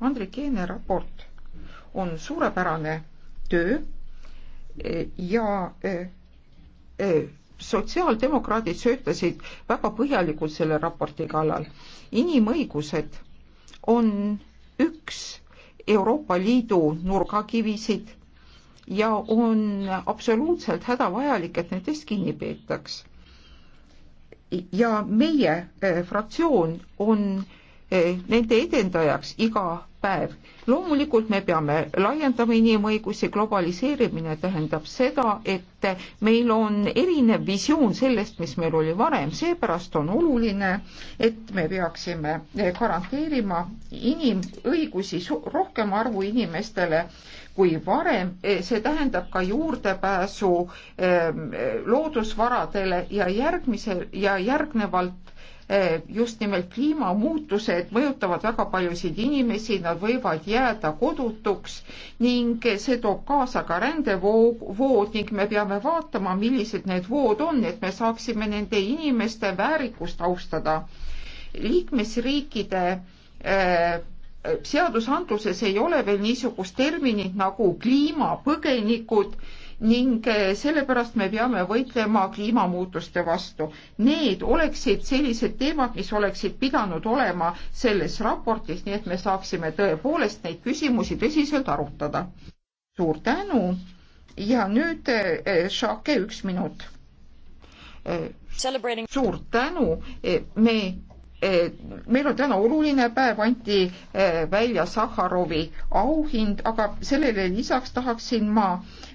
Andrikeene raport on suurepärane töö e, ja e, e, sotsiaaldemokraadid söötasid väga põhjalikult selle raporti kallal. inimõigused on üks Euroopa Liidu nurgakivisid ja on absoluutselt hädavajalik, et nendest kinni peetaks. ja meie fraktsioon on äh, Eh, nende edendajaks iga päev. loomulikult me peame laiendama inimõigusi, globaliseerimine tähendab seda, et meil on erinev visioon sellest, mis meil oli varem, seepärast on oluline, et me peaksime eh, garanteerima inimõigusi rohkem arvu inimestele kui varem, eh, see tähendab ka juurdepääsu loodusvaradele ja järgmise ja järgnevalt Eh, just nimelt kliimamuutused mõjutavad väga paljusid inimesi, nad võivad jääda kodutuks ning see toob kaasa ka rändevood ning me peame vaatama, millised need vood on, et me saaksime nende inimeste väärikust austada. liikmesriikide eh, seadusandluses ei ole veel niisugust terminit nagu kliimapõgenikud ning eh, sellepärast me peame võitlema kliimamuutuste vastu. Need oleksid sellised teemad, mis oleksid pidanud olema selles raportis, nii et me saaksime tõepoolest neid küsimusi tõsiselt arutada. suur tänu ja nüüd eh, eh, Šake üks minut. suur tänu, me Eh, meil on täna oluline päev, anti eh, välja Sahharovi auhind, aga sellele lisaks tahaksin ma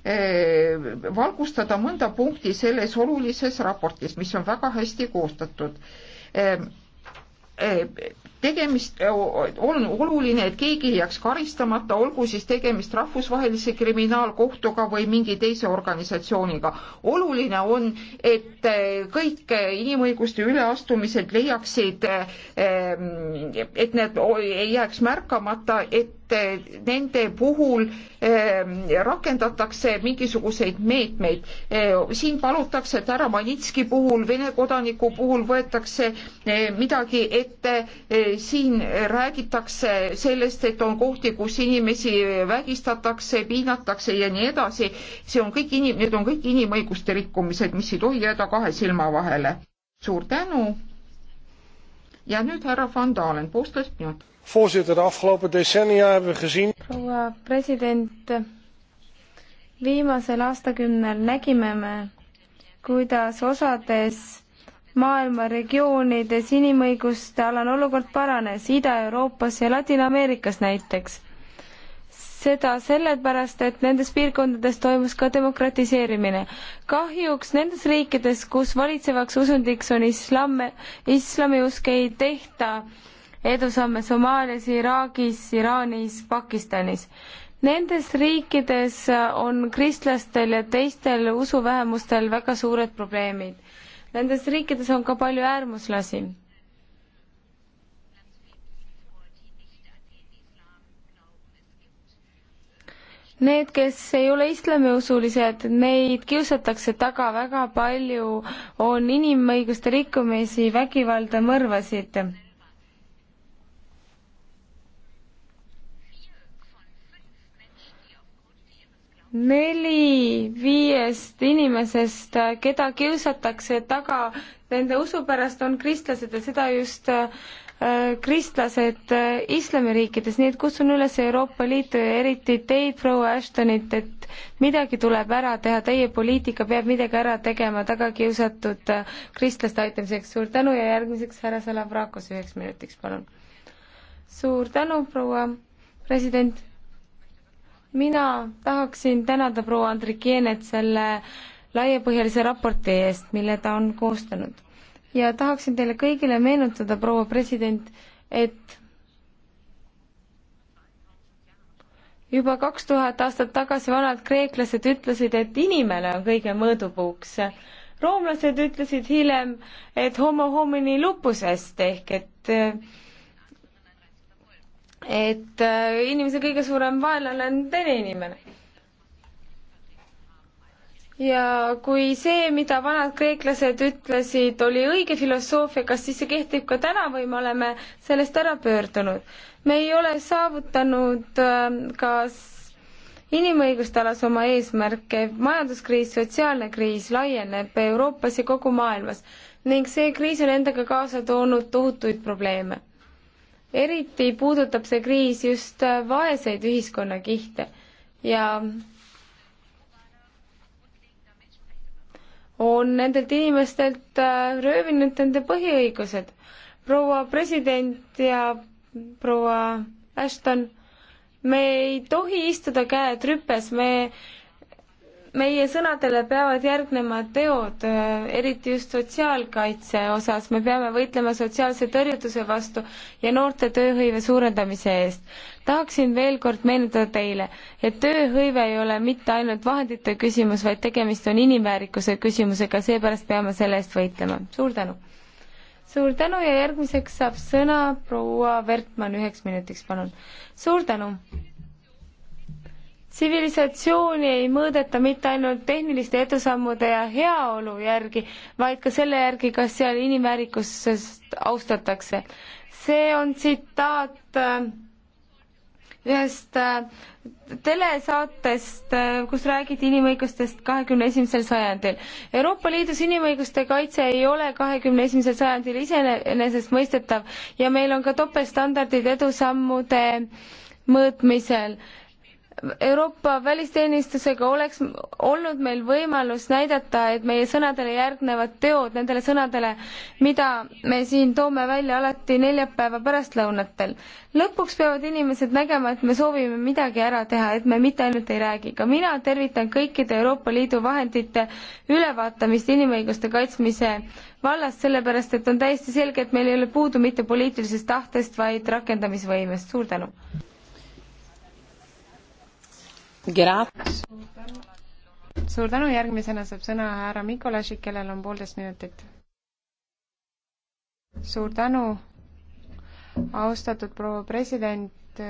eh, valgustada mõnda punkti selles olulises raportis, mis on väga hästi koostatud tegemist, on oluline, et keegi ei jääks karistamata, olgu siis tegemist rahvusvahelise kriminaalkohtuga või mingi teise organisatsiooniga. oluline on, et äh, kõik inimõiguste üleastumised leiaksid, äh, ähm, et need ei jääks märkamata, et äh, nende puhul ähm, rakendatakse mingisuguseid meetmeid. siin palutakse, et härra Manitski puhul, Vene kodaniku puhul võetakse midagi ette siin räägitakse sellest, et on kohti, kus inimesi vägistatakse, piinatakse ja nii edasi. see on kõik inim-, need on kõik inimõiguste rikkumised, mis ei tohi jääda kahe silma vahele. suur tänu. ja nüüd härra Van Dalen, poolteist minutit. Voorzitter, de afgelopen decennia hebben we gezien. proua president, viimasel aastakümnel nägime me, kuidas osades maailma regioonides inimõiguste alane olukord paranes, Ida-Euroopas ja Ladina-Ameerikas näiteks. seda sellepärast, et nendes piirkondades toimus ka demokratiseerimine. kahjuks nendes riikides, kus valitsevaks usundiks on islam, islamiusk ei tehta edusamme Somaalias, Iraagis, Iraanis, Pakistanis. Nendes riikides on kristlastel ja teistel usuvähemustel väga suured probleemid Nendes riikides on ka palju äärmuslasi. Need, kes ei ole islamiusulised, neid kiusatakse taga väga palju, on inimõiguste rikkumisi, vägivalda, mõrvasid neli viiest inimesest, keda kiusatakse taga nende usu pärast, on kristlased ja seda just äh, kristlased äh, islamiriikides, nii et kutsun üles Euroopa Liitu ja eriti teid, proua Ashtonit, et midagi tuleb ära teha, teie poliitika peab midagi ära tegema tagakiusatud äh, kristlaste aitamiseks. suur tänu ja järgmiseks härra Salavrakos üheks minutiks, palun. suur tänu, proua president mina tahaksin tänada proua Andrikienet selle laiapõhjalise raporti eest, mille ta on koostanud. ja tahaksin teile kõigile meenutada, proua president, et juba kaks tuhat aastat tagasi vanad kreeklased ütlesid, et inimene on kõige mõõdupuuks. roomlased ütlesid hiljem, et homo homini lupus est ehk et äh, et äh, inimese kõige suurem vaenlane on teine inimene. ja kui see, mida vanad kreeklased ütlesid, oli õige filosoofia, kas siis see kehtib ka täna või me oleme sellest ära pöördunud? me ei ole saavutanud ähm, ka inimõiguste alas oma eesmärke, majanduskriis, sotsiaalne kriis laieneb Euroopas ja kogu maailmas ning see kriis on endaga kaasa toonud tohutuid probleeme eriti puudutab see kriis just äh, vaeseid ühiskonnakihte ja on nendelt inimestelt äh, röövinud nende põhiõigused. proua president ja proua Ashton, me ei tohi istuda käed rüpes, me meie sõnadele peavad järgnema teod, äh, eriti just sotsiaalkaitse osas, me peame võitlema sotsiaalse tõrjutuse vastu ja noorte tööhõive suurendamise eest. tahaksin veel kord meenutada teile, et tööhõive ei ole mitte ainult vahendite küsimus, vaid tegemist on inimväärikuse küsimusega, seepärast peame selle eest võitlema. suur tänu! suur tänu ja järgmiseks saab sõna proua Vertmann üheks minutiks, palun. suur tänu! tsivilisatsiooni ei mõõdeta mitte ainult tehniliste edusammude ja heaolu järgi, vaid ka selle järgi, kas seal inimväärikust austatakse. see on tsitaat äh, ühest äh, telesaatest, äh, kus räägiti inimõigustest kahekümne esimesel sajandil. Euroopa Liidus inimõiguste kaitse ei ole kahekümne esimesel sajandil iseenesestmõistetav ja meil on ka topeltstandardid edusammude mõõtmisel Euroopa välisteenistusega oleks olnud meil võimalus näidata, et meie sõnadele järgnevad teod nendele sõnadele, mida me siin toome välja alati neljapäeva pärastlõunatel. lõpuks peavad inimesed nägema, et me soovime midagi ära teha, et me mitte ainult ei räägi. ka mina tervitan kõikide Euroopa Liidu vahendite ülevaatamist inimõiguste kaitsmise vallas, sellepärast et on täiesti selge, et meil ei ole puudu mitte poliitilisest tahtest, vaid rakendamisvõimest. suur tänu! suur tänu, järgmisena saab sõna härra Mikolašik, kellel on poolteist minutit. suur tänu, austatud proua president,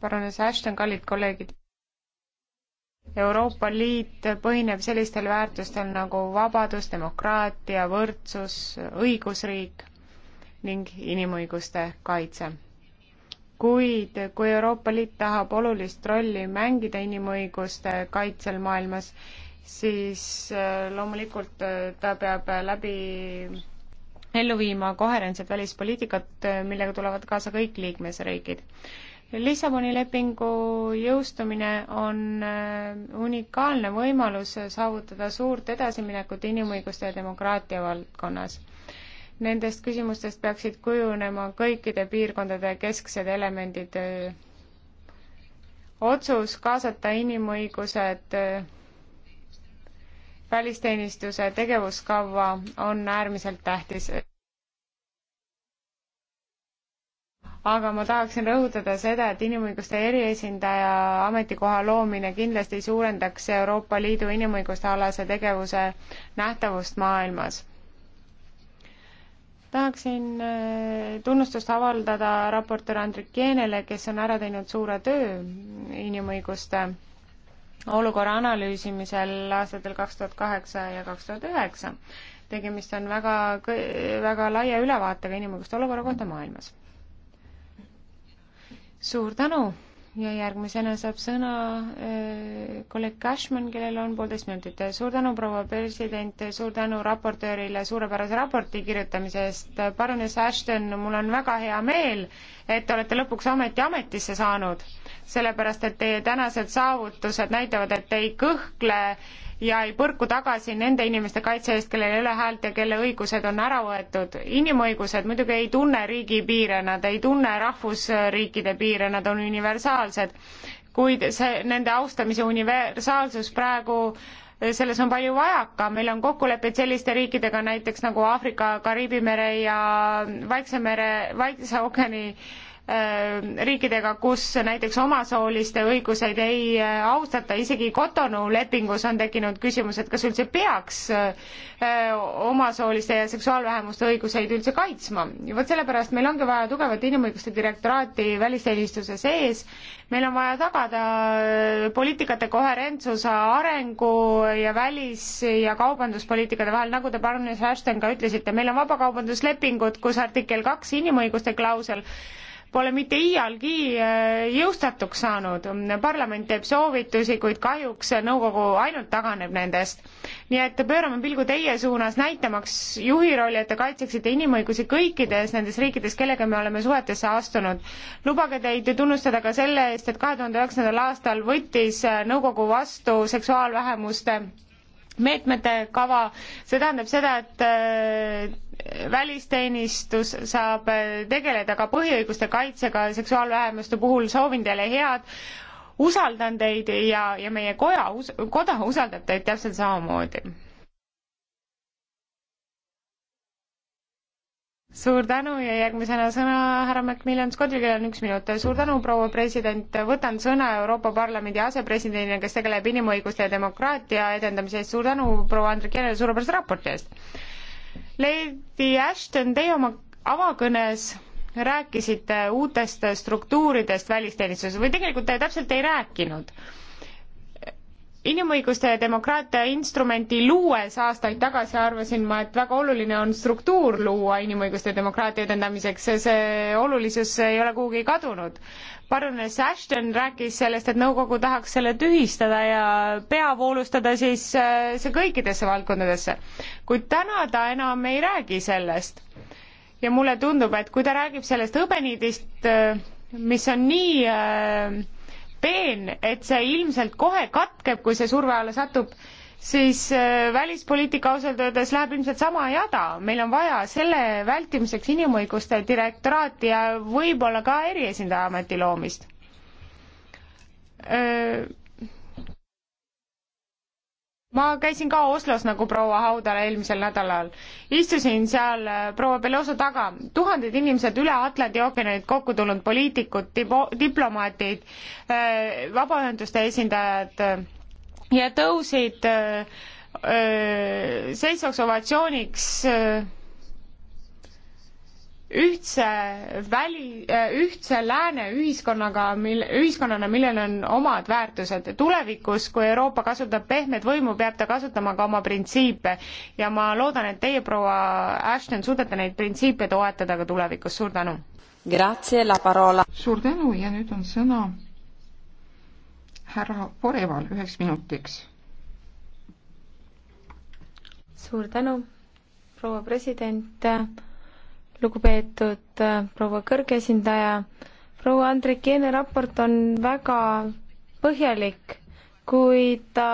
paranes Ashton, kallid kolleegid. Euroopa Liit põhineb sellistel väärtustel nagu vabadus, demokraatia, võrdsus, õigusriik ning inimõiguste kaitse kuid kui Euroopa Liit tahab olulist rolli mängida inimõiguste kaitsel maailmas, siis äh, loomulikult äh, ta peab äh, läbi ellu viima koherentset välispoliitikat, millega tulevad kaasa kõik liikmesriigid. Lissaboni lepingu jõustumine on unikaalne võimalus saavutada suurt edasiminekut inimõiguste ja demokraatia valdkonnas nendest küsimustest peaksid kujunema kõikide piirkondade kesksed elemendid. otsus kaasata inimõigused välisteenistuse tegevuskava on äärmiselt tähtis. aga ma tahaksin rõhutada seda, et inimõiguste eriesindaja ametikoha loomine kindlasti suurendaks Euroopa Liidu inimõiguste alase tegevuse nähtavust maailmas tahaksin äh, tunnustust avaldada raportöör Andrik Jeenele, kes on ära teinud suure töö inimõiguste olukorra analüüsimisel aastatel kaks tuhat kaheksa ja kaks tuhat üheksa. tegemist on väga, väga laia ülevaatega inimõiguste olukorra kohta maailmas. suur tänu! ja järgmisena saab sõna äh, kolleeg Cashman, kellel on poolteist minutit. suur tänu, proua president, suur tänu raportöörile suurepärase raporti kirjutamise eest. parunes Ashton, mul on väga hea meel, et te olete lõpuks ometi ametisse saanud, sellepärast et teie tänased saavutused näitavad, et te ei kõhkle ja ei põrku tagasi nende inimeste kaitse eest, kellel ei ole häält ja kelle õigused on ära võetud. inimõigused muidugi ei tunne riigipiire, nad ei tunne rahvusriikide piire, nad on universaalsed, kuid see, nende austamise universaalsus praegu eh, selles on palju vajaka, meil on kokkulepped selliste riikidega näiteks nagu Aafrika, Kariibi mere ja Vaikse mere, Vaikse ookeani okay, Äh, riikidega, kus näiteks omasooliste õiguseid ei äh, austata, isegi Cotonou lepingus on tekkinud küsimus, et kas üldse peaks äh, omasooliste ja seksuaalvähemuste õiguseid üldse kaitsma. ja vot sellepärast meil ongi vaja tugevat inimõiguste direktoraati välisteenistuse sees, meil on vaja tagada poliitikate koherentsus arengu ja välis- ja kaubanduspoliitikate vahel, nagu te, Barnes Ashton, ka ütlesite, meil on vabakaubanduslepingud, kus artikkel kaks inimõiguste klausel pole mitte iialgi äh, jõustatuks saanud. parlament teeb soovitusi, kuid kahjuks nõukogu ainult taganeb nendest. nii et pöörame pilgu teie suunas, näitamaks juhi rolli, et te kaitseksite inimõigusi kõikides nendes riikides, kellega me oleme suhetesse astunud. lubage teid tunnustada ka selle eest, et kahe tuhande üheksandal aastal võttis äh, nõukogu vastu seksuaalvähemuste meetmete kava, see tähendab seda, et äh, välisteenistus saab äh, tegeleda ka põhiõiguste kaitsega seksuaalvähemuste puhul, soovin teile head, usaldan teid ja, ja meie koja, koda usaldab teid täpselt samamoodi suur tänu ja järgmisena sõna härra Macmillan Scottil, kellel on üks minut. suur tänu, proua president, võtan sõna Euroopa Parlamendi asepresidendina, kes tegeleb inimõiguste ja demokraatia edendamise eest. suur tänu, proua Andrek Järvel, suurepärase raporti eest. Lady Ashton, teie oma avakõnes rääkisite uutest struktuuridest välisteenistuses või tegelikult te täpselt ei rääkinud inimõiguste ja demokraatia instrumenti luues aastaid tagasi arvasin ma, et väga oluline on struktuur luua inimõiguste ja demokraatia edendamiseks ja see olulisus ei ole kuhugi kadunud. Baroness Ashton rääkis sellest, et nõukogu tahaks selle tühistada ja peavoolustada siis äh, see kõikidesse valdkondadesse. kuid täna ta enam ei räägi sellest. ja mulle tundub, et kui ta räägib sellest hõbeniidist, äh, mis on nii äh, peen, et see ilmselt kohe katkeb, kui see surve alla satub, siis äh, välispoliitika ausalt öeldes läheb ilmselt sama jada. meil on vaja selle vältimiseks inimõiguste direktoraati ja võib-olla ka eriesindaja ameti loomist äh, ma käisin ka Oslos nagu proua Haudala eelmisel nädalal. istusin seal äh, proua Beloso taga, tuhanded inimesed üle Atlandi ookeanid kokku tulnud poliitikud, diplomaatid, äh, vabaühenduste esindajad äh, ja tõusid seisvaks ovatsiooniks öö, ühtse väli, äh, ühtse lääne ühiskonnaga, mil-, ühiskonnana, millel on omad väärtused. tulevikus, kui Euroopa kasutab pehmet võimu, peab ta kasutama ka oma printsiipe ja ma loodan, et teie, proua Ashton, suudate neid printsiipe toetada ka tulevikus, suur tänu! suur tänu ja nüüd on sõna härra Poreval üheks minutiks. suur tänu, proua president lugupeetud äh, proua kõrgesindaja. proua Andrikiene raport on väga põhjalik, kuid ta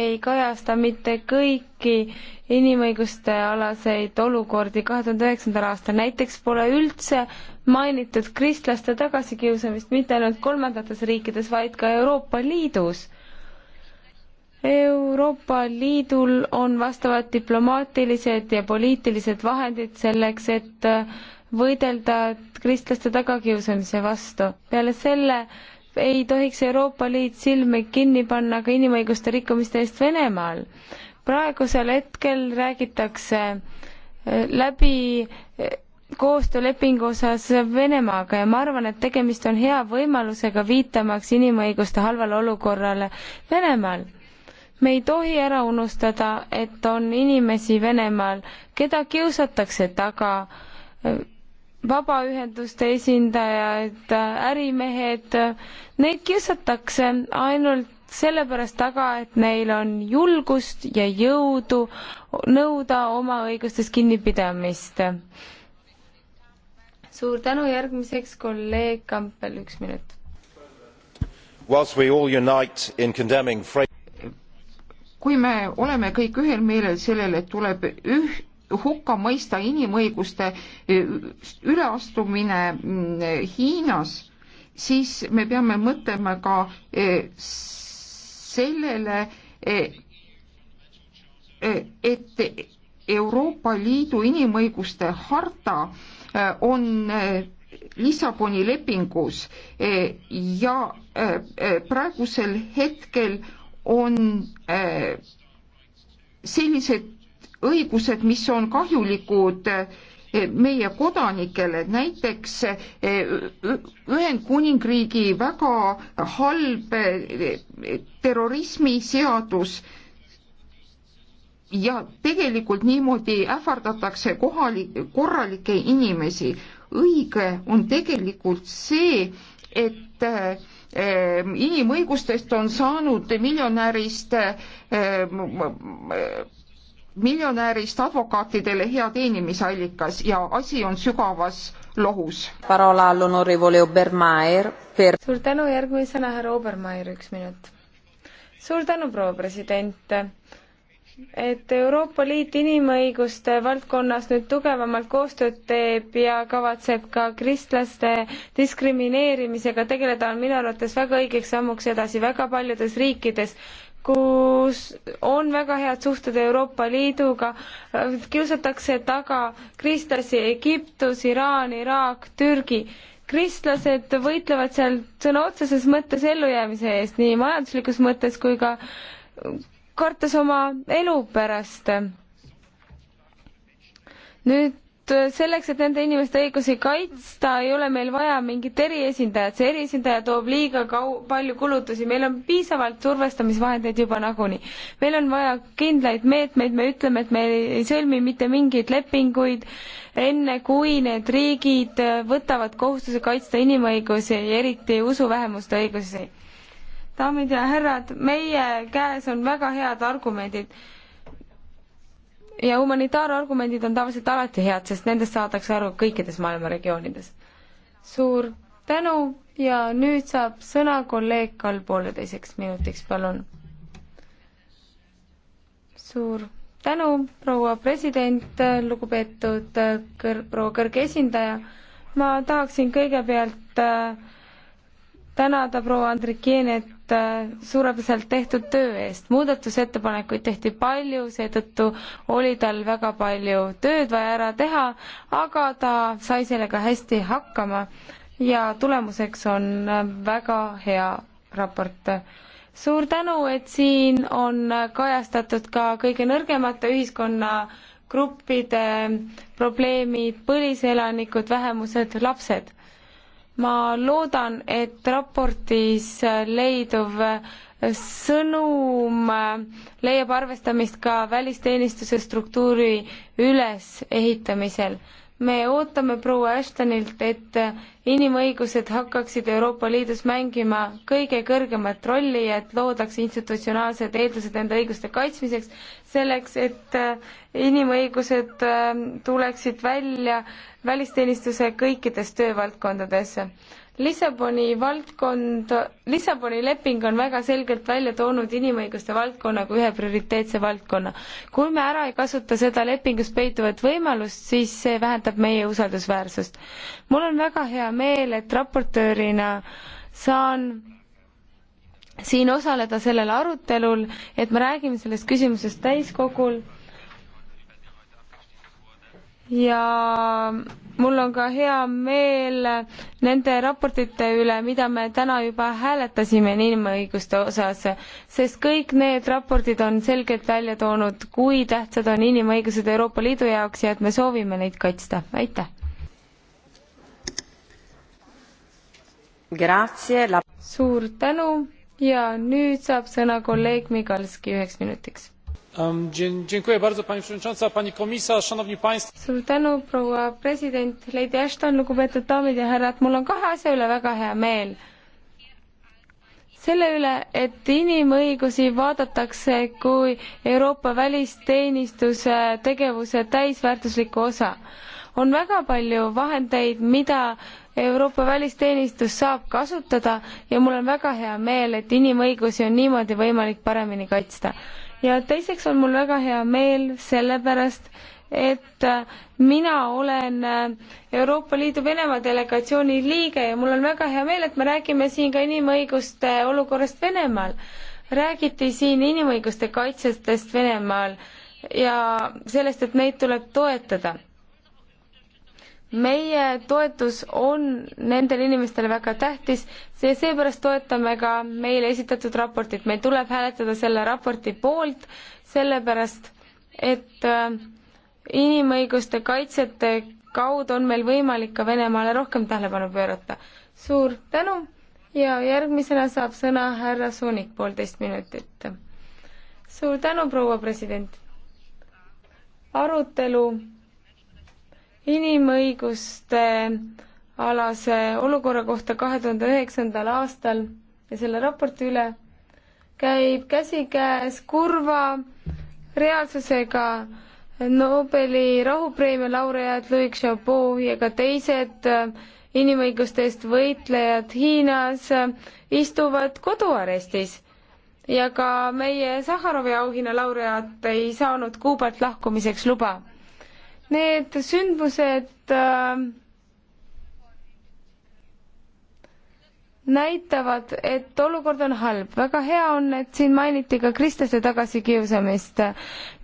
ei kajasta mitte kõiki inimõiguste alaseid olukordi kahe tuhande üheksandal aastal. näiteks pole üldse mainitud kristlaste tagasikiusamist mitte ainult kolmandates riikides, vaid ka Euroopa Liidus Euroopa Liidul on vastavad diplomaatilised ja poliitilised vahendid selleks, et äh, võidelda kristlaste tagakiusamise vastu. peale selle ei tohiks Euroopa Liit silmi kinni panna ka inimõiguste rikkumiste eest Venemaal. praegusel hetkel räägitakse äh, läbi äh, koostöölepingu osas Venemaaga ja ma arvan, et tegemist on hea võimalusega viitamaks inimõiguste halvale olukorrale Venemaal me ei tohi ära unustada, et on inimesi Venemaal, keda kiusatakse taga, vabaühenduste esindajad, ärimehed, neid kiusatakse ainult sellepärast taga, et neil on julgust ja jõudu nõuda oma õigustest kinnipidamist. suur tänu, järgmiseks kolleeg Kampel, üks minut. Whilst we all unite in condemning free kui me oleme kõik ühel meelel sellel, et tuleb üh-, hukka mõista inimõiguste e, üleastumine mm, Hiinas, siis me peame mõtlema ka e, sellele, e, et Euroopa Liidu inimõiguste harta on Lissaboni lepingus ja praegusel hetkel on äh, sellised õigused, mis on kahjulikud äh, meie kodanikele, näiteks äh, Ühendkuningriigi väga halb terrorismiseadus ja tegelikult niimoodi ähvardatakse kohalik, korralikke inimesi. õige on tegelikult see, et äh, Ehm, inimõigustest on saanud miljonärist ehm, miljonärist advokaatidele hea teenimisallikas ja asi on sügavas lohus. Per... suur tänu, järgmisena härra Obermeier, üks minut. suur tänu, proua president et Euroopa Liit inimõiguste valdkonnas nüüd tugevamalt koostööd teeb ja kavatseb ka kristlaste diskrimineerimisega tegeleda, on minu arvates väga õigeks sammuks edasi väga paljudes riikides, kus on väga head suhted Euroopa Liiduga, kiusatakse taga kristlasi Egiptus, Iraan, Iraak, Türgi kristlased võitlevad seal sõna otseses mõttes ellujäämise eest, nii majanduslikus mõttes kui ka kartes oma elu pärast. nüüd selleks, et nende inimeste õigusi kaitsta, ei ole meil vaja mingit eriesindajat, see eriesindaja toob liiga kau-, palju kulutusi, meil on piisavalt survestamisvahendeid juba nagunii. meil on vaja kindlaid meetmeid, me ütleme, et me ei sõlmi mitte mingeid lepinguid, enne kui need riigid võtavad kohustuse kaitsta inimõigusi ja eriti usuvähemuste õigusi daamid ja härrad, meie käes on väga head argumendid. ja humanitaarargumendid on tavaliselt alati head, sest nendest saadakse aru kõikides maailma regioonides. suur tänu ja nüüd saab sõna kolleeg Kall pooleteiseks minutiks, palun. suur tänu, proua president, lugupeetud kõr-, proua kõrge esindaja. ma tahaksin kõigepealt äh, tänada proua Andrikinet äh, suurepäraselt tehtud töö eest. muudatusettepanekuid tehti palju, seetõttu oli tal väga palju tööd vaja ära teha, aga ta sai sellega hästi hakkama ja tulemuseks on äh, väga hea raport suur tänu, et siin on kajastatud ka kõige nõrgemate ühiskonnagruppide probleemid, põliselanikud, vähemused, lapsed ma loodan, et raportis leiduv sõnum leiab arvestamist ka välisteenistuse struktuuri ülesehitamisel me ootame proua Ashtonilt, et inimõigused hakkaksid Euroopa Liidus mängima kõige kõrgemat rolli ja et loodaks institutsionaalsed eeldused enda õiguste kaitsmiseks, selleks et äh, inimõigused äh, tuleksid välja välisteenistuse kõikides töövaldkondades. Lissaboni valdkond, Lissaboni leping on väga selgelt välja toonud inimõiguste valdkonna kui ühe prioriteetse valdkonna. kui me ära ei kasuta seda lepingus peituvat võimalust, siis see vähendab meie usaldusväärsust. mul on väga hea meel, et raportöörina saan siin osaleda sellel arutelul, et me räägime sellest küsimusest täiskogul ja mul on ka hea meel nende raportite üle, mida me täna juba hääletasime inimõiguste osas, sest kõik need raportid on selgelt välja toonud, kui tähtsad on inimõigused Euroopa Liidu jaoks ja et me soovime neid kaitsta, aitäh! suur tänu ja nüüd saab sõna kolleeg Migalski üheks minutiks Um, suur tänu, proua president, Lady Ashton, lugupeetud daamid ja härrad, mul on kahe asja üle väga hea meel. selle üle, et inimõigusi vaadatakse kui Euroopa välisteenistuse tegevuse täisväärtuslikku osa. on väga palju vahendeid, mida Euroopa välisteenistus saab kasutada ja mul on väga hea meel, et inimõigusi on niimoodi võimalik paremini kaitsta ja teiseks on mul väga hea meel sellepärast, et äh, mina olen äh, Euroopa Liidu Venemaa delegatsiooni liige ja mul on väga hea meel, et me räägime siin ka inimõiguste olukorrast Venemaal. räägiti siin inimõiguste kaitsjatest Venemaal ja sellest, et neid tuleb toetada meie toetus on nendele inimestele väga tähtis ja seepärast toetame ka meile esitatud raportit. meil tuleb hääletada selle raporti poolt, sellepärast et äh, inimõiguste kaitsjate kaudu on meil võimalik ka Venemaale rohkem tähelepanu pöörata. suur tänu ja järgmisena saab sõna härra Suunik, poolteist minutit. suur tänu, proua president! arutelu inimõiguste alase olukorra kohta kahe tuhande üheksandal aastal ja selle raporti üle käib käsikäes kurva reaalsusega Nobeli rahupreemia laureaat Louis Chabot ja ka teised inimõiguste eest võitlejad Hiinas istuvad koduarestis ja ka meie Sahharovi auhinna laureaat ei saanud Kuubalt lahkumiseks luba Need sündmused äh, näitavad, et olukord on halb. väga hea on, et siin mainiti ka kristlaste tagasikiusamist.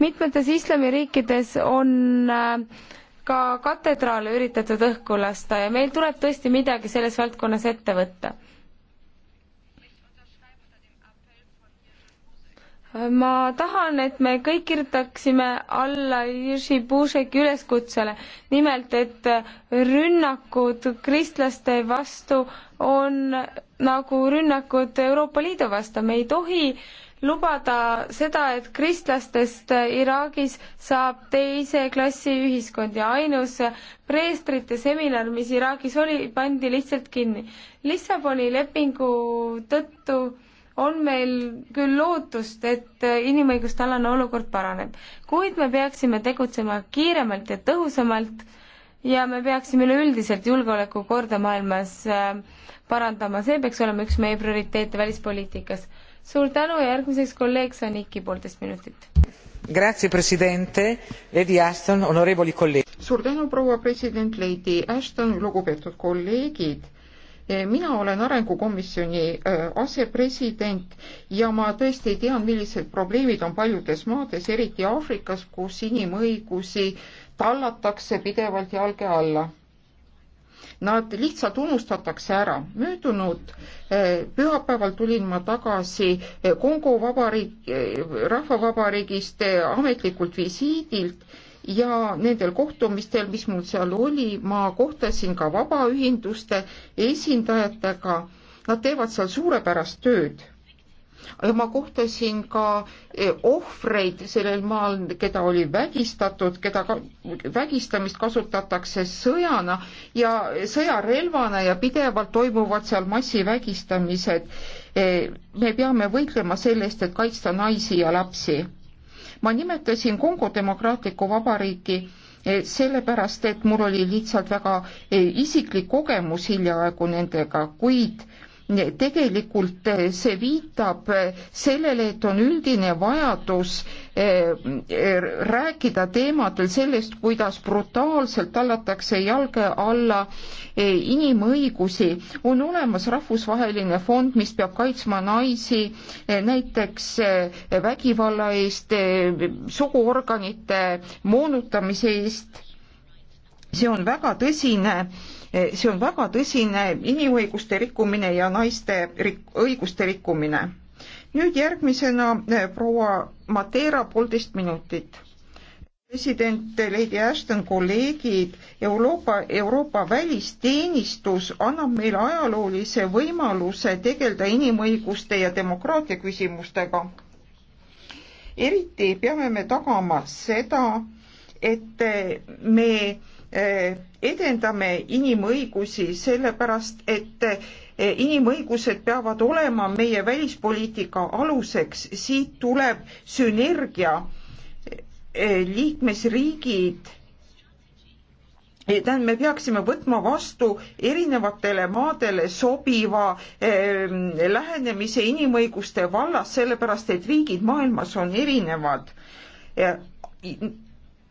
mitmetes islamiriikides on äh, ka katedraale üritatud õhku lasta ja meil tuleb tõesti midagi selles valdkonnas ette võtta. ma tahan, et me kõik kirjutaksime alla Jüri Puuseki üleskutsele. nimelt, et rünnakud kristlaste vastu on nagu rünnakud Euroopa Liidu vastu, me ei tohi lubada seda, et kristlastest Iraagis saab teise klassi ühiskond ja ainus preestrite seminar, mis Iraagis oli, pandi lihtsalt kinni. Lissaboni lepingu tõttu on meil küll lootust, et inimõiguste alane olukord paraneb, kuid me peaksime tegutsema kiiremalt ja tõhusamalt ja me peaksime üleüldiselt julgeolekukorda maailmas äh, parandama, see peaks olema üks meie prioriteete välispoliitikas. suur tänu ja järgmiseks kolleeg Saniki poolteist minutit. Grazie Presidente, Lady Ashton, onorevoli kolleegid. suur tänu, proua president, Lady Ashton, lugupeetud kolleegid mina olen Arengukomisjoni äh, asepresident ja ma tõesti tean, millised probleemid on paljudes maades, eriti Aafrikas, kus inimõigusi tallatakse pidevalt jalge alla. Nad lihtsalt unustatakse ära. möödunud äh, pühapäeval tulin ma tagasi äh, Kongo vabariik, rahvavabariigist ametlikult visiidilt ja nendel kohtumistel, mis mul seal oli, ma kohtasin ka vabaühenduste esindajatega. Nad teevad seal suurepärast tööd ja ma kohtasin ka eh, ohvreid sellel maal, keda oli vägistatud, keda ka, vägistamist kasutatakse sõjana ja sõjarelvana ja pidevalt toimuvad seal massivägistamised. Eh, me peame võitlema selle eest, et kaitsta naisi ja lapsi ma nimetasin Kongo Demokraatlikku Vabariiki eh, sellepärast, et mul oli lihtsalt väga eh, isiklik kogemus hiljaaegu nendega, kuid tegelikult eh, see viitab eh, sellele, et on üldine vajadus eh, rääkida teemadel sellest, kuidas brutaalselt tallatakse jalge alla inimõigusi. on olemas rahvusvaheline fond, mis peab kaitsma naisi näiteks vägivalla eest, suguorganite moonutamise eest. see on väga tõsine Eh, see on väga tõsine inimõiguste rikkumine ja naiste rik õiguste rikkumine. nüüd järgmisena eh, proua Matera poolteist minutit president Lady Ashton, kolleegid, Euroopa, Euroopa välisteenistus annab meile ajaloolise võimaluse tegeleda inimõiguste ja demokraatia küsimustega. eriti peame me tagama seda, et me Eh, edendame inimõigusi sellepärast, et eh, inimõigused peavad olema meie välispoliitika aluseks, siit tuleb sünergia eh, liikmesriigid tähendab, me peaksime võtma vastu erinevatele maadele sobiva eh, lähenemise inimõiguste vallas, sellepärast et riigid maailmas on erinevad eh,.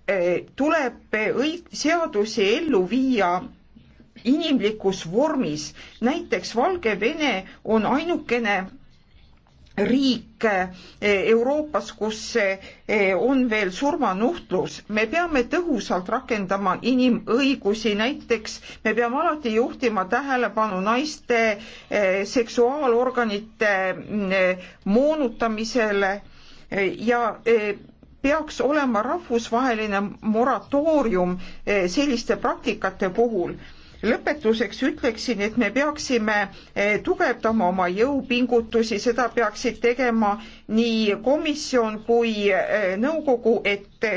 Äh, tuleb äh, õig-, seadusi ellu viia inimlikus vormis. näiteks Valgevene on ainukene riik äh, Euroopas, kus on veel surmanuhtlus. me peame tõhusalt rakendama inimõigusi, näiteks me peame alati juhtima tähelepanu naiste seksuaalorganite moonutamisele ja peaks olema rahvusvaheline moratoorium eh, selliste praktikate puhul. lõpetuseks ütleksin, et me peaksime eh, tugevdama oma jõupingutusi, seda peaksid tegema nii komisjon kui eh, nõukogu, et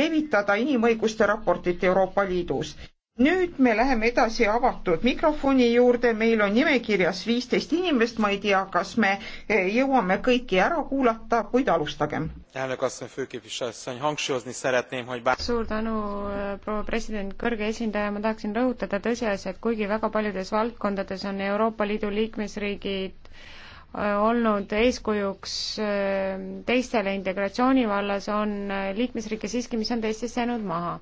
levitada inimõiguste raportit Euroopa Liidus nüüd me läheme edasi avatud mikrofoni juurde, meil on nimekirjas viisteist inimest, ma ei tea, kas me eh, jõuame kõiki ära kuulata, kuid alustagem. suur tänu, eh, proua president, kõrge esindaja, ma tahaksin rõhutada tõsiasja, et kuigi väga paljudes valdkondades on Euroopa Liidu liikmesriigid eh, olnud eeskujuks teistele integratsiooni vallas, on liikmesriike siiski, mis on teistest jäänud maha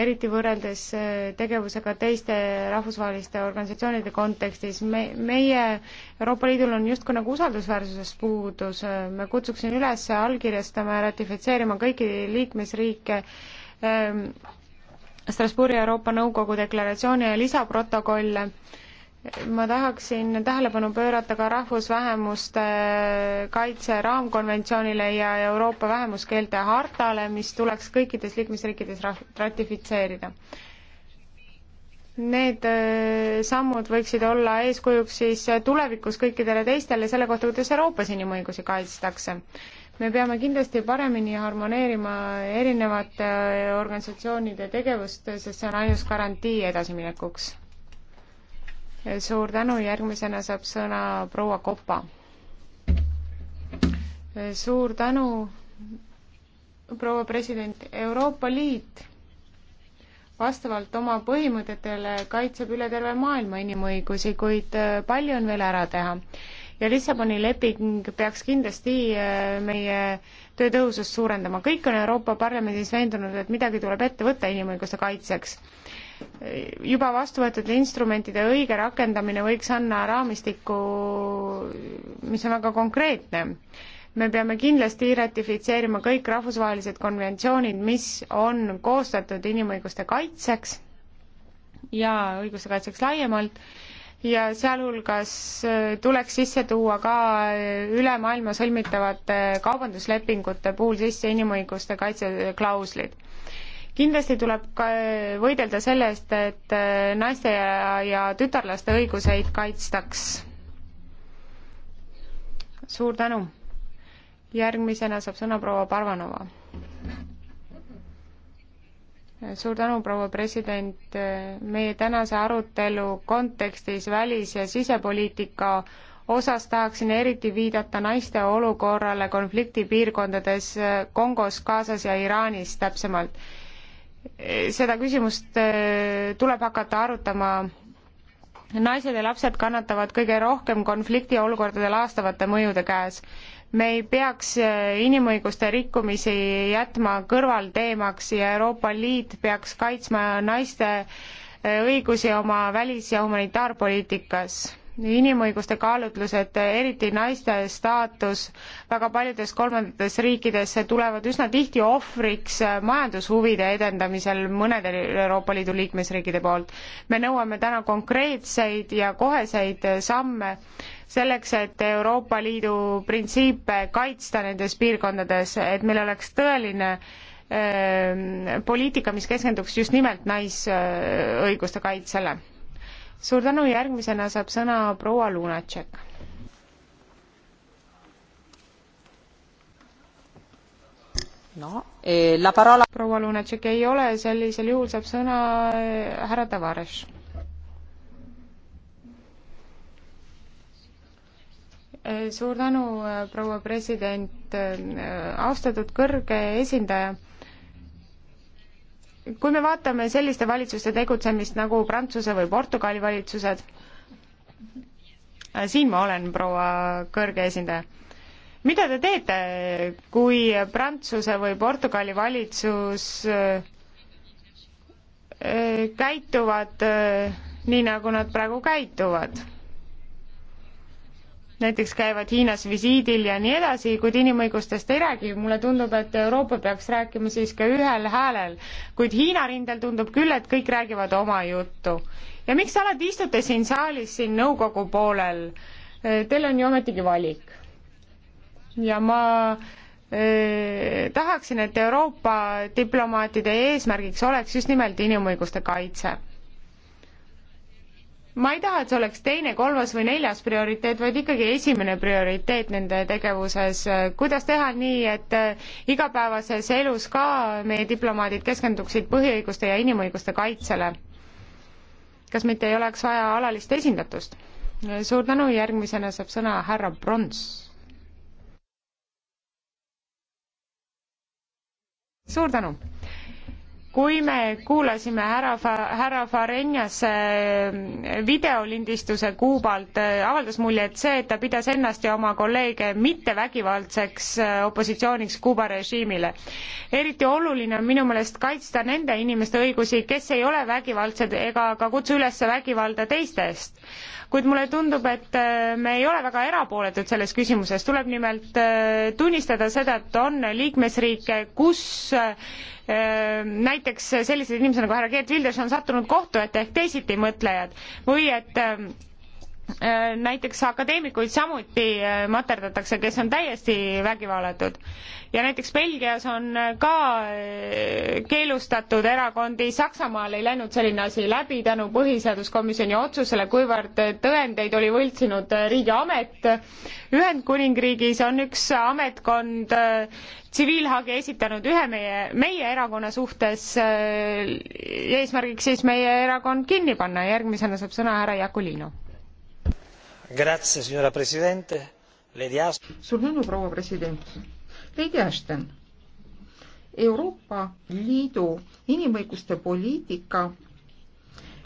eriti võrreldes äh, tegevusega teiste rahvusvaheliste organisatsioonide kontekstis. me, meie Euroopa Liidul on justkui nagu usaldusväärsusest puudus, ma kutsuksin üles allkirjastama ja ratifitseerima kõiki liikmesriike ähm, Strasbourgi Euroopa Nõukogu deklaratsiooni ja lisaprotokolle ma tahaksin tähelepanu pöörata ka rahvusvähemuste kaitse raamkonventsioonile ja Euroopa vähemuskeelte hartale, mis tuleks kõikides liikmesriikides ratifitseerida. Need äh, sammud võiksid olla eeskujuks siis tulevikus kõikidele teistele selle kohta, kuidas Euroopas inimõigusi kaitstakse. me peame kindlasti paremini harmoneerima erinevate äh, organisatsioonide tegevust, sest see on ainus garantii edasiminekuks suur tänu, järgmisena saab sõna proua Kopa. suur tänu, proua president, Euroopa Liit vastavalt oma põhimõtetele kaitseb üle terve maailma inimõigusi, kuid äh, palju on veel ära teha. ja Lissaboni leping peaks kindlasti äh, meie töö tõhusust suurendama. kõik on Euroopa Parlamendis veendunud, et midagi tuleb ette võtta inimõiguste kaitseks juba vastu võetud instrumentide õige rakendamine võiks anda raamistiku, mis on väga konkreetne. me peame kindlasti ratifitseerima kõik rahvusvahelised konventsioonid, mis on koostatud inimõiguste kaitseks ja õiguste kaitseks laiemalt ja sealhulgas äh, tuleks sisse tuua ka äh, üle maailma sõlmitavate kaubanduslepingute puhul sisse inimõiguste kaitseklauslid kindlasti tuleb ka eh, võidelda selle eest, et eh, naiste ja, ja tütarlaste õiguseid kaitstaks. suur tänu. järgmisena saab sõna proua Parvanova. suur tänu, proua president. Eh, meie tänase arutelu kontekstis välis- ja sisepoliitika osas tahaksin eriti viidata naiste olukorrale konfliktipiirkondades Kongos, Gazas ja Iraanis täpsemalt seda küsimust äh, tuleb hakata arutama naised ja lapsed kannatavad kõige rohkem konfliktiolukordade laastavate mõjude käes. me ei peaks äh, inimõiguste rikkumisi jätma kõrvalteemaks ja Euroopa Liit peaks kaitsma naiste äh, õigusi oma välis- ja humanitaarpoliitikas inimõiguste kaalutlused, eriti naiste staatus väga paljudes kolmandates riikides tulevad üsna tihti ohvriks majandushuvide edendamisel mõnede Euroopa Liidu liikmesriikide poolt. me nõuame täna konkreetseid ja koheseid samme selleks, et Euroopa Liidu printsiipe kaitsta nendes piirkondades, et meil oleks tõeline öö, poliitika, mis keskenduks just nimelt naisõiguste kaitsele suur tänu, järgmisena saab sõna proua Lunatšek. no eh, la parola proua Lunatšek ei ole, sellisel juhul saab sõna eh, härra Tavares. Eh, suur tänu, proua president, austatud kõrge esindaja kui me vaatame selliste valitsuste tegutsemist nagu Prantsuse või Portugali valitsused, siin ma olen, proua kõrge esindaja, mida te teete, kui Prantsuse või Portugali valitsus äh, käituvad äh, nii, nagu nad praegu käituvad? näiteks käivad Hiinas visiidil ja nii edasi, kuid inimõigustest ei räägi. mulle tundub, et Euroopa peaks rääkima siis ka ühel häälel, kuid Hiina rindel tundub küll, et kõik räägivad oma juttu. ja miks alati istute siin saalis, siin nõukogu poolel? E, teil on ju ometigi valik. ja ma äh, tahaksin, et Euroopa diplomaatide eesmärgiks oleks just nimelt inimõiguste kaitse ma ei taha, et see oleks teine, kolmas või neljas prioriteet, vaid ikkagi esimene prioriteet nende tegevuses. kuidas teha nii, et äh, igapäevases elus ka meie diplomaadid keskenduksid põhiõiguste ja inimõiguste kaitsele? kas mitte ei oleks vaja alalist esindatust? suur tänu, järgmisena saab sõna härra Brons. suur tänu kui me kuulasime härra Fa-, härra Farenjase eh, videolindistuse Kuubalt, eh, avaldas mulje, et see, et ta pidas ennast ja oma kolleege mittevägivaldseks eh, opositsiooniks Kuuba režiimile. eriti oluline on minu meelest kaitsta nende inimeste õigusi, kes ei ole vägivaldsed ega ka kutsu üles vägivalda teiste eest kuid mulle tundub, et äh, me ei ole väga erapooletud selles küsimuses, tuleb nimelt äh, tunnistada seda, et on liikmesriike, kus äh, näiteks sellised inimesed nagu härra Geert Wilders on sattunud kohtu ette ehk teisitimõtlejad või et ähm, Äh, näiteks akadeemikuid samuti äh, materdatakse, kes on täiesti vägivallatud. ja näiteks Belgias on äh, ka keelustatud erakondi, Saksamaal ei läinud selline asi läbi tänu põhiseaduskomisjoni otsusele, kuivõrd tõendeid oli võltsinud riigiamet. Ühendkuningriigis on üks ametkond tsiviilhagi esitanud ühe meie, meie erakonna suhtes eesmärgiks siis meie erakond kinni panna. järgmisena saab sõna härra Jakulino suur tänu, proua president. Lady Ashton, Euroopa Liidu inimõiguste poliitika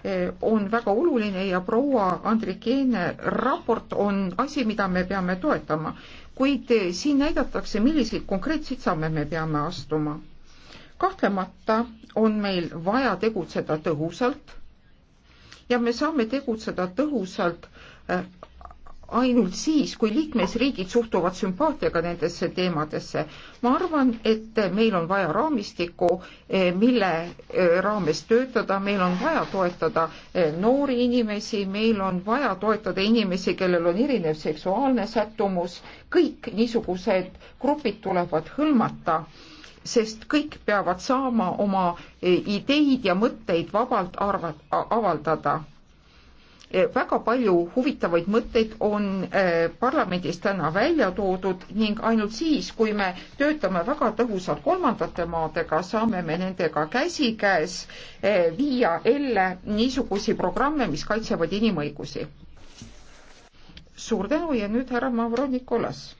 eh, on väga oluline ja proua Andrikeene raport on asi, mida me peame toetama, kuid eh, siin näidatakse, milliseid konkreetseid samme me peame astuma. kahtlemata on meil vaja tegutseda tõhusalt ja me saame tegutseda tõhusalt eh, ainult siis, kui liikmesriigid suhtuvad sümpaatiaga nendesse teemadesse. ma arvan, et meil on vaja raamistikku, eh, mille eh, raames töötada, meil on vaja toetada eh, noori inimesi, meil on vaja toetada inimesi, kellel on erinev seksuaalne sättumus, kõik niisugused grupid tulevad hõlmata sest kõik peavad saama oma ideid ja mõtteid vabalt arvat, avaldada Eh, väga palju huvitavaid mõtteid on eh, parlamendis täna välja toodud ning ainult siis, kui me töötame väga tõhusalt kolmandate maadega, saame me nendega käsikäes eh, viia ellu niisugusi programme, mis kaitsevad inimõigusi. suur tänu ja nüüd härra Mavro Nikolas.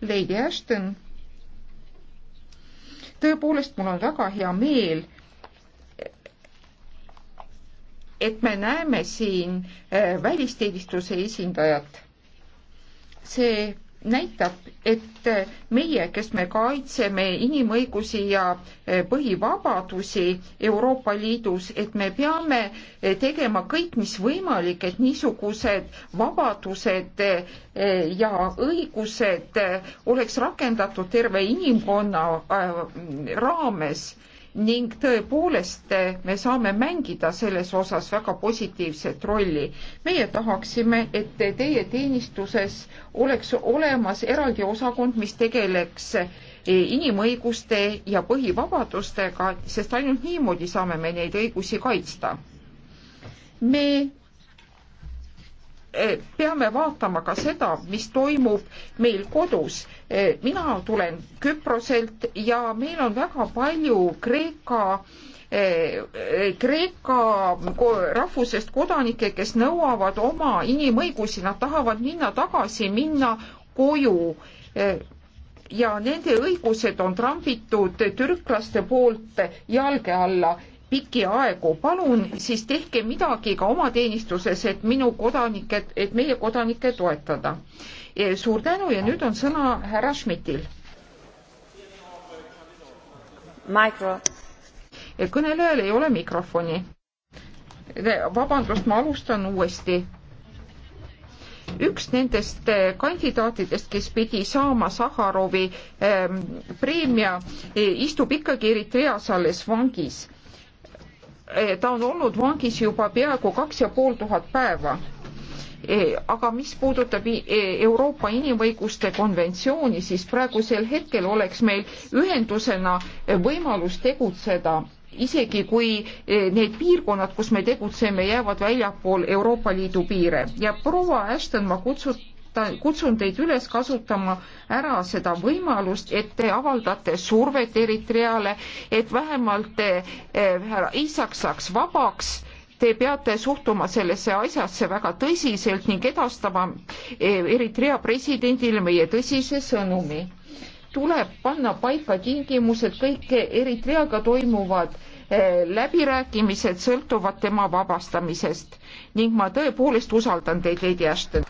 Lady Ashton, tõepoolest, mul on väga hea meel et me näeme siin äh, välisteenistuse esindajat. see näitab, et äh, meie, kes me kaitseme inimõigusi ja äh, põhivabadusi Euroopa Liidus, et me peame tegema kõik, mis võimalik, et niisugused vabadused ja õigused oleks rakendatud terve inimkonna raames ning tõepoolest eh, me saame mängida selles osas väga positiivset rolli. meie tahaksime, et teie teenistuses oleks olemas eraldi osakond, mis tegeleks eh, inimõiguste ja põhivabadustega, sest ainult niimoodi saame me neid õigusi kaitsta. me Eh, peame vaatama ka seda, mis toimub meil kodus. Eh, mina tulen Küproselt ja meil on väga palju Kreeka eh, Kreeka rahvusest kodanikke, kes nõuavad oma inimõigusi, nad tahavad minna tagasi, minna koju ja nende õigused on trambitud türklaste poolt jalge alla pikki aegu. palun siis tehke midagi ka oma teenistuses, et minu kodanike, et meie kodanikke toetada. E, suur tänu ja nüüd on sõna härra Schmidtil. E, kõnelejal ei ole mikrofoni. E, vabandust, ma alustan uuesti üks nendest kandidaatidest, kes pidi saama Saharovi ähm, preemia, istub ikkagi Eritreas alles vangis Eh, ta on olnud vangis juba peaaegu kaks ja pool tuhat päeva. Eh, aga mis puudutab e-, Euroopa Inimõiguste konventsiooni, siis praegusel hetkel oleks meil ühendusena eh, võimalus tegutseda isegi kui need piirkonnad, kus me tegutseme, jäävad väljapool Euroopa Liidu piire ja proua Ashton, ma kutsun kasuta, kutsun teid üles kasutama ära seda võimalust, et te avaldate survet Eritreale, et vähemalt eh, härra eh, Isak saaks vabaks. Te peate suhtuma sellesse asjasse väga tõsiselt ning edastama eh, Eritrea presidendile meie tõsise sõnumi. tuleb panna paika tingimused, kõik Eritreaga toimuvad eh, läbirääkimised sõltuvad tema vabastamisest ning ma tõepoolest usaldan teid, Lady Ashton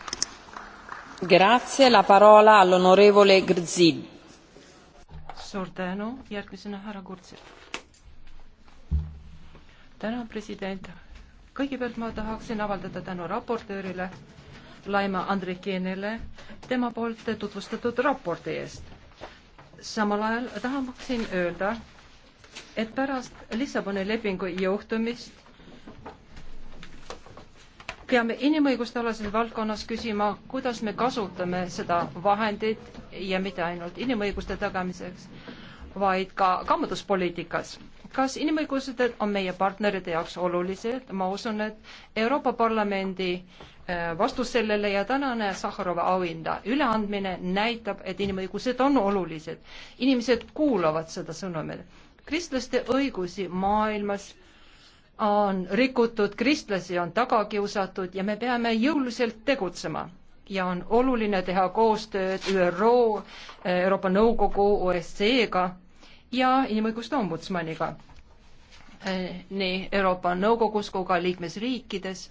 suur tänu, järgmisena härra Kurtsev. tänan, president. kõigepealt ma tahaksin avaldada tänu raportöörile Laima Andrikienile tema poolt tutvustatud raporti eest. samal ajal tahaksin öelda, et pärast Lissaboni lepingu jõustumist peame inimõiguste alases valdkonnas küsima, kuidas me kasutame seda vahendit ja mitte ainult inimõiguste tagamiseks, vaid ka kaubanduspoliitikas. kas inimõigused on meie partnerite jaoks olulised? ma usun, et Euroopa Parlamendi äh, vastus sellele ja tänane Sahharova auhinda üleandmine näitab, et inimõigused on olulised. inimesed kuulavad seda sõnumit. kristlaste õigusi maailmas on rikutud, kristlasi on taga kiusatud ja me peame jõuliselt tegutsema ja on oluline teha koostööd ÜRO, Euroopa Nõukogu, OSCE-ga ja inimõiguste ombudsmaniga nii Euroopa Nõukogus kui ka liikmesriikides,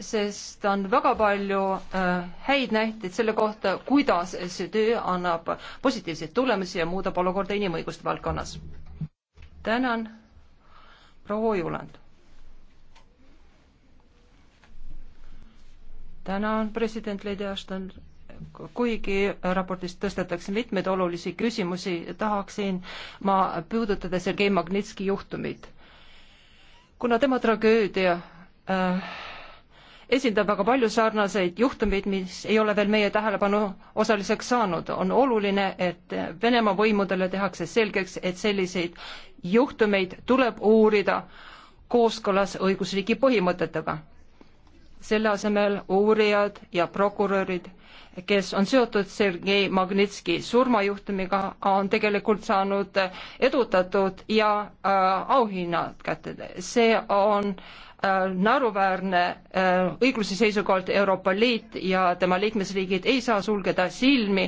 sest on väga palju äh, häid näiteid selle kohta, kuidas see töö annab positiivseid tulemusi ja muudab olukorda inimõiguste valdkonnas. tänan proua Ojuland. tänan, president Lady Ashton. kuigi raportis tõstetakse mitmeid olulisi küsimusi, tahaksin ma puudutada Sergei Magnitski juhtumit. kuna tema tragöödia äh, esindab väga palju sarnaseid juhtumeid, mis ei ole veel meie tähelepanu osaliseks saanud. on oluline, et Venemaa võimudele tehakse selgeks, et selliseid juhtumeid tuleb uurida kooskõlas õigusriigi põhimõtetega. selle asemel uurijad ja prokurörid, kes on seotud Sergei Magnitski surmajuhtumiga, on tegelikult saanud edutatud ja äh, auhinnad kätte. see on äh, Äh, naeruväärne äh, õigluse seisukohalt Euroopa Liit ja tema liikmesriigid ei saa sulgeda silmi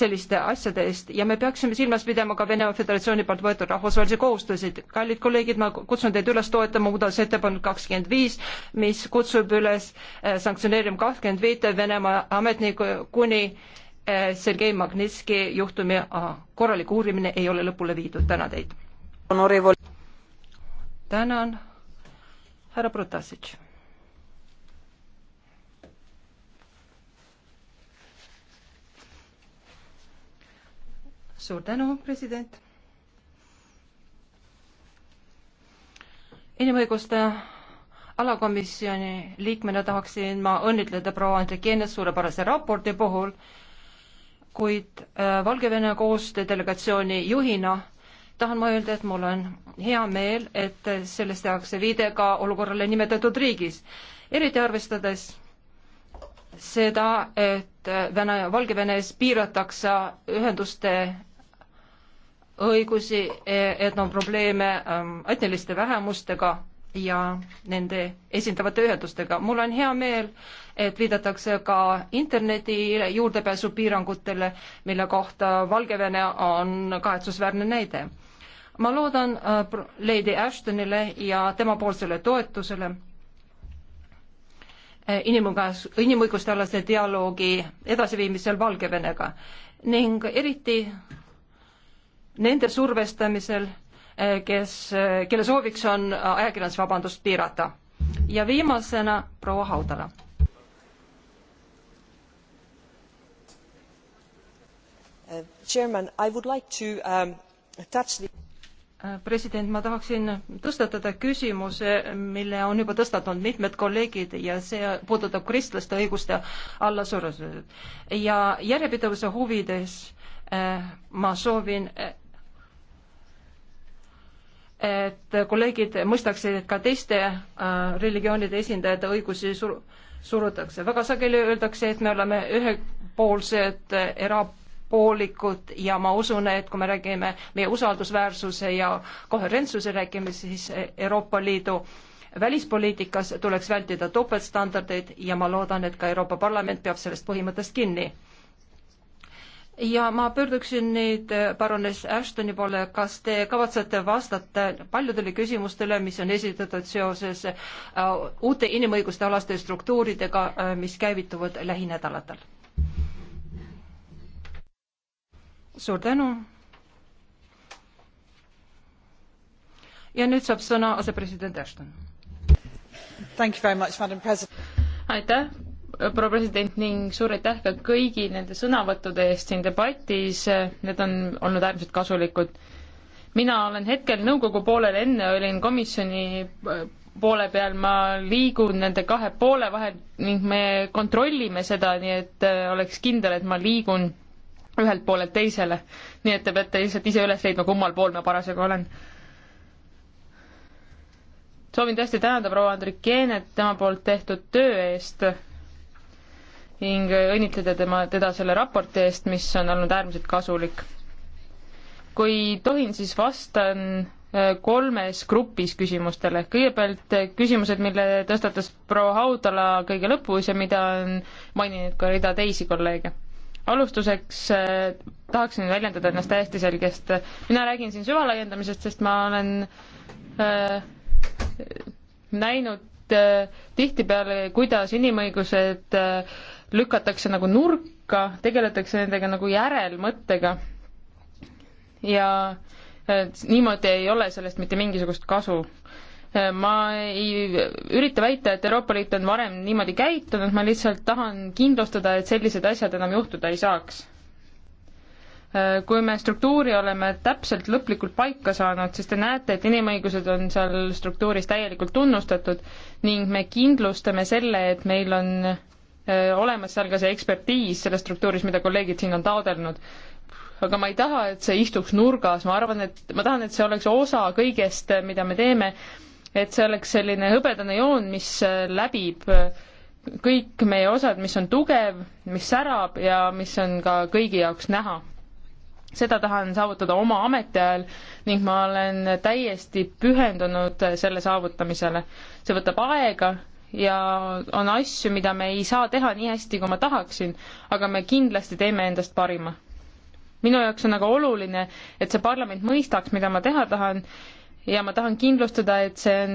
selliste asjade eest ja me peaksime silmas pidama ka Venemaa Föderatsiooni poolt võetud rahvusvahelisi kohustuseid. kallid kolleegid, ma kutsun teid üles toetama muudatusettepanekut kakskümmend viis, mis kutsub üles äh, sanktsioneerima kakskümmend viite Venemaa ametnikku kuni Sergei Magnitski juhtumi korralik uurimine ei ole lõpule viidud. tänan teid tänan, härra Protasitš. suur tänu, president. inimõiguste alakomisjoni liikmena tahaksin ma õnnitleda proua Andrikienet suurepärase raporti puhul, kuid äh, Valgevene koostöö delegatsiooni juhina tahan ma öelda, et mul on hea meel, et sellest tehakse viide ka olukorrale nimetatud riigis, eriti arvestades seda, et Vene, Valgevenes piiratakse ühenduste õigusi, et on probleeme ähm, etniliste vähemustega ja nende esindavate ühendustega. mul on hea meel, et viidatakse ka interneti juurdepääsupiirangutele, mille kohta Valgevene on kahetsusväärne näide. ma loodan äh, Lady Ashtonile ja temapoolsele toetusele äh, inimõigus, inimõiguste alase dialoogi edasiviimisel Valgevenega ning eriti nende survestamisel Eh, kes, eh, kelle sooviks on ajakirjandusvabandust piirata. ja viimasena proua Haudala eh, um, president ma tahaksin tõstatada küsimuse mille on juba tõstatanud mitmed kolleegid ja see puudutab kristlaste õiguste allasurumist ja järjepidevuse huvides ma soovin et kolleegid mõistaksid, et ka teiste äh, religioonide esindajate õigusi sur-, surutakse. väga sageli öeldakse, et me oleme ühepoolsed erapoolikud ja ma usun, et kui me räägime meie usaldusväärsuse ja koherentsuse räägime, siis Euroopa Liidu välispoliitikas tuleks vältida topeltstandardeid ja ma loodan, et ka Euroopa Parlament peab sellest põhimõttest kinni ja ma pöörduksin nüüd parunes äh, Ashtoni poole, kas te kavatsete vastata paljudele küsimustele, mis on esitatud seoses äh, uute inimõiguste alaste struktuuridega, äh, mis käivituvad lähinädalatel? suur tänu. ja nüüd saab sõna asepresident Ashton. aitäh, proua president ning suur aitäh ka kõigi nende sõnavõttude eest siin debatis, need on olnud äärmiselt kasulikud. mina olen hetkel nõukogu poolel, enne olin komisjoni äh, poole peal, ma liigun nende kahe poole vahel ning me kontrollime seda, nii et äh, oleks kindel, et ma liigun ühelt poolelt teisele. nii et te peate lihtsalt ise üles leidma, kummal pool ma parasjagu olen. soovin tõesti tänada proua Andrik Jeenet tema poolt tehtud töö eest ning õnnitleda tema, teda selle raporti eest, mis on olnud äärmiselt kasulik. kui tohin, siis vastan äh, kolmes grupis küsimustele. kõigepealt äh, küsimused, mille tõstatas proua Haudala kõige lõpus ja mida on maininud ka rida teisi kolleege alustuseks äh, tahaksin väljendada ennast täiesti selgest. mina räägin siin süvalaiendamisest, sest ma olen äh, näinud äh, tihtipeale, kuidas inimõigused äh, lükatakse nagu nurka, tegeletakse nendega nagu järelmõttega. ja äh, niimoodi ei ole sellest mitte mingisugust kasu. Äh, ma ei ürita väita, et Euroopa Liit on varem niimoodi käitunud, ma lihtsalt tahan kindlustada, et sellised asjad enam juhtuda ei saaks äh, kui me struktuuri oleme täpselt lõplikult paika saanud, siis te näete, et inimõigused on seal struktuuris täielikult tunnustatud ning me kindlustame selle, et meil on olemas seal ka see ekspertiis selles struktuuris, mida kolleegid siin on taodelnud. aga ma ei taha, et see istuks nurgas, ma arvan, et ma tahan, et see oleks osa kõigest, äh, mida me teeme, et see oleks selline hõbedane joon, mis äh, läbib äh, kõik meie osad, mis on tugev, mis särab ja mis on ka kõigi jaoks näha. seda tahan saavutada oma ametiajal ning ma olen täiesti pühendunud selle saavutamisele. see võtab aega, ja on asju, mida me ei saa teha nii hästi, kui ma tahaksin, aga me kindlasti teeme endast parima. minu jaoks on aga oluline, et see parlament mõistaks, mida ma teha tahan ja ma tahan kindlustada, et see on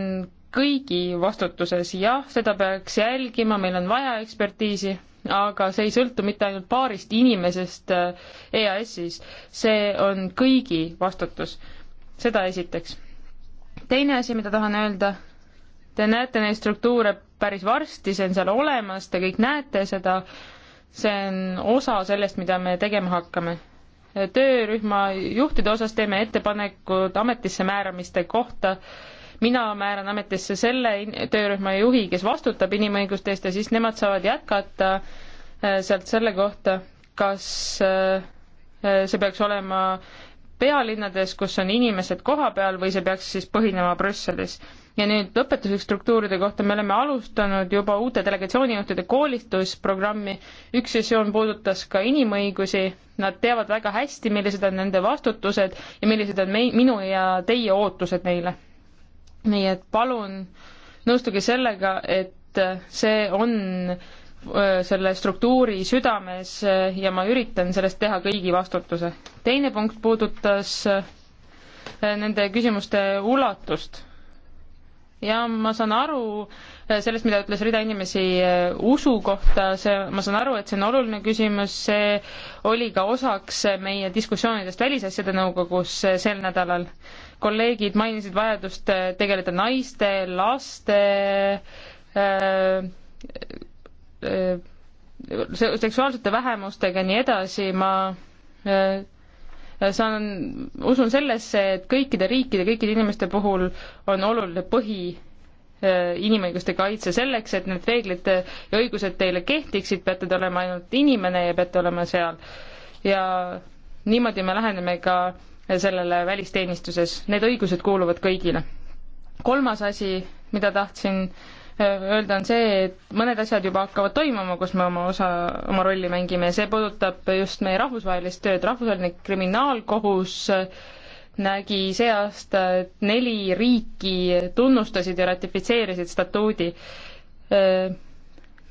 kõigi vastutuses, jah, seda peaks jälgima, meil on vaja ekspertiisi, aga see ei sõltu mitte ainult paarist inimesest äh, EAS-is, see on kõigi vastutus. seda esiteks. teine asi, mida tahan öelda, te näete neid struktuure päris varsti, see on seal olemas, te kõik näete seda, see on osa sellest, mida me tegema hakkame. töörühma juhtide osas teeme ettepanekud ametisse määramiste kohta, mina määran ametisse selle töörühma juhi, kes vastutab inimõiguste eest ja siis nemad saavad jätkata äh, sealt selle kohta, kas äh, äh, see peaks olema pealinnades, kus on inimesed kohapeal või see peaks siis põhinema Brüsselis ja nüüd lõpetuseks struktuuride kohta, me oleme alustanud juba uute delegatsioonijuhtide koolitusprogrammi, üks sessioon puudutas ka inimõigusi, nad teavad väga hästi, millised on nende vastutused ja millised on mei-, minu ja teie ootused neile. nii et palun nõustuge sellega, et see on selle struktuuri südames ja ma üritan sellest teha kõigi vastutuse. teine punkt puudutas nende küsimuste ulatust ja ma saan aru äh, sellest, mida ütles rida inimesi äh, usu kohta, see, ma saan aru, et see on oluline küsimus, see oli ka osaks äh, meie diskussioonidest Välisasjade Nõukogus sel nädalal. kolleegid mainisid vajadust tegeleda naiste, laste äh, äh, seksuaalsete vähemustega ja nii edasi, ma äh, saan, usun sellesse, et kõikide riikide, kõikide inimeste puhul on oluline põhi äh, inimõiguste kaitse, selleks et need reeglid ja õigused teile kehtiksid, peate te olema ainult inimene ja peate olema seal. ja niimoodi me läheneme ka sellele välisteenistuses, need õigused kuuluvad kõigile. kolmas asi, mida tahtsin äh, öelda, on see, et mõned asjad juba hakkavad toimuma, kus me oma osa, oma rolli mängime ja see puudutab just meie rahvusvahelist tööd. rahvusvaheline kriminaalkohus nägi see aasta, et neli riiki tunnustasid ja ratifitseerisid statuudi.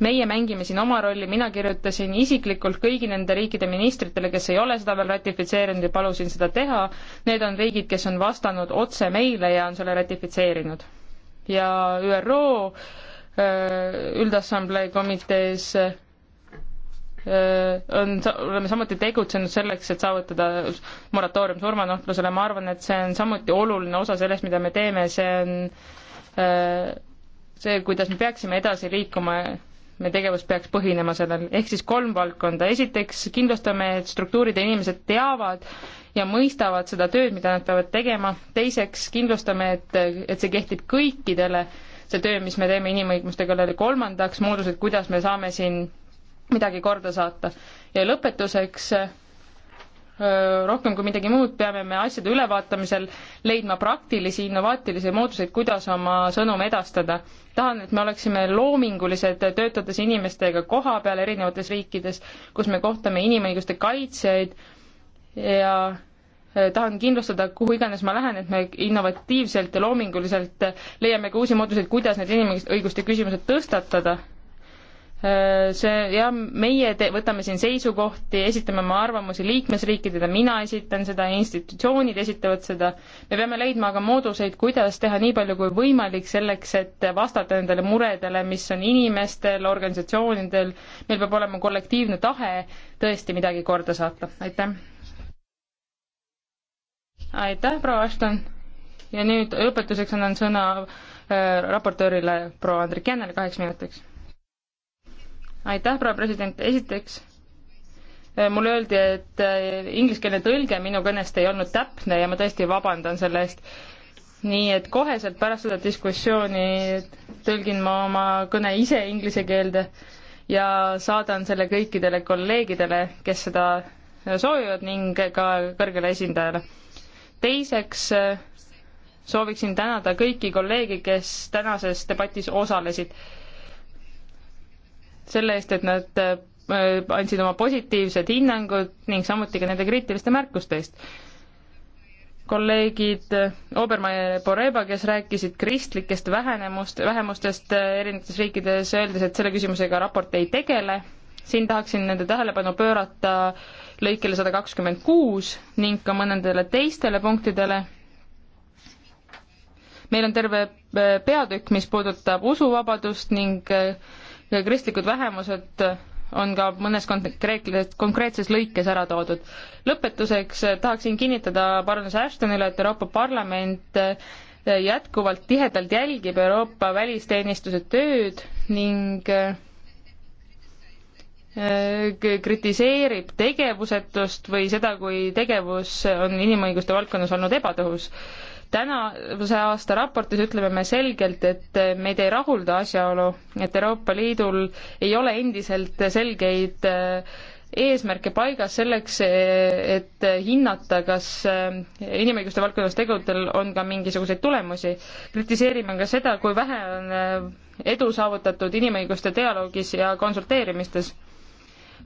meie mängime siin oma rolli, mina kirjutasin isiklikult kõigi nende riikide ministritele, kes ei ole seda veel ratifitseerinud ja palusin seda teha. Need on riigid, kes on vastanud otse meile ja on selle ratifitseerinud ja ÜRO äh, Üldassamblee komitees äh, on, oleme samuti tegutsenud selleks, et saavutada moratoorium surmanuhtlusele, ma arvan, et see on samuti oluline osa sellest, mida me teeme, see on äh, see, kuidas me peaksime edasi liikuma me tegevus peaks põhinema sellel, ehk siis kolm valdkonda, esiteks kindlustame, et struktuurid ja inimesed teavad ja mõistavad seda tööd, mida nad peavad tegema, teiseks kindlustame, et, et see kehtib kõikidele, see töö, mis me teeme inimõiguste kallal ja kolmandaks moodused, kuidas me saame siin midagi korda saata. ja lõpetuseks rohkem kui midagi muud peame me asjade ülevaatamisel leidma praktilisi innovaatilisi mooduseid, kuidas oma sõnum edastada. tahan, et me oleksime loomingulised, töötades inimestega koha peal erinevates riikides, kus me kohtame inimõiguste kaitsjaid ja tahan kindlustada, kuhu iganes ma lähen, et me innovatiivselt ja loominguliselt leiame ka uusi mooduseid, kuidas need inimõiguste küsimused tõstatada Äh, see jah, meie te-, võtame siin seisukohti, esitame oma arvamusi liikmesriikidele, mina esitan seda, institutsioonid esitavad seda, me peame leidma aga mooduseid, kuidas teha nii palju kui võimalik selleks, et vastata nendele muredele, mis on inimestel, organisatsioonidel, meil peab olema kollektiivne tahe tõesti midagi korda saata, aitäh! aitäh, proua Ashton! ja nüüd lõpetuseks annan sõna äh, raportöörile proua Andrik Jännele kaheks minutiks aitäh, proua president, esiteks äh, mulle öeldi, et äh, ingliskeelne tõlge minu kõnest ei olnud täpne ja ma tõesti vabandan selle eest. nii et koheselt pärast seda diskussiooni tõlgin ma oma kõne ise inglise keelde ja saadan selle kõikidele kolleegidele, kes seda soovivad ning ka kõrgele esindajale. teiseks äh, sooviksin tänada kõiki kolleege, kes tänases debatis osalesid selle eest, et nad äh, andsid oma positiivsed hinnangud ning samuti ka nende kriitiliste märkuste eest. kolleegid äh, Obermeier ja Poreba, kes rääkisid kristlikest vähenemust, vähemustest äh, erinevates riikides, öeldes, et selle küsimusega raport ei tegele, siin tahaksin nende tähelepanu pöörata lõikele sada kakskümmend kuus ning ka mõnedele teistele punktidele. meil on terve peatükk, mis puudutab usuvabadust ning kristlikud vähemused on ka mõnes konkreetses, konkreetses lõikes ära toodud. lõpetuseks eh, tahaksin kinnitada parandus Ashtonile, et Euroopa Parlament eh, jätkuvalt tihedalt jälgib Euroopa välisteenistuse tööd ning eh, kritiseerib tegevusetust või seda, kui tegevus on inimõiguste valdkonnas olnud ebatõhus tänavuse aasta raportis ütleme me selgelt, et meid ei rahulda asjaolu, et Euroopa Liidul ei ole endiselt selgeid äh, eesmärke paigas selleks, äh, et hinnata, kas äh, inimõiguste valdkonnas tegudel on ka mingisuguseid tulemusi. kritiseerime ka seda, kui vähe on edu saavutatud inimõiguste dialoogis ja konsulteerimistes.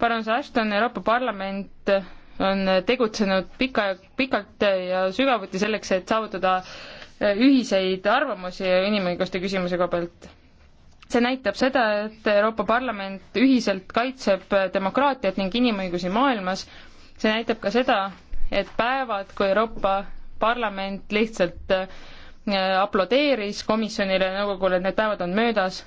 Baroness Ashton, Euroopa Parlament on tegutsenud pika, pikalt ja sügavuti selleks, et saavutada äh, ühiseid arvamusi inimõiguste küsimuse koha pealt. see näitab seda, et Euroopa Parlament ühiselt kaitseb äh, demokraatiat ning inimõigusi maailmas, see näitab ka seda, et päevad, kui Euroopa Parlament lihtsalt äh, aplodeeris komisjonile ja nõukogule, et need päevad on möödas,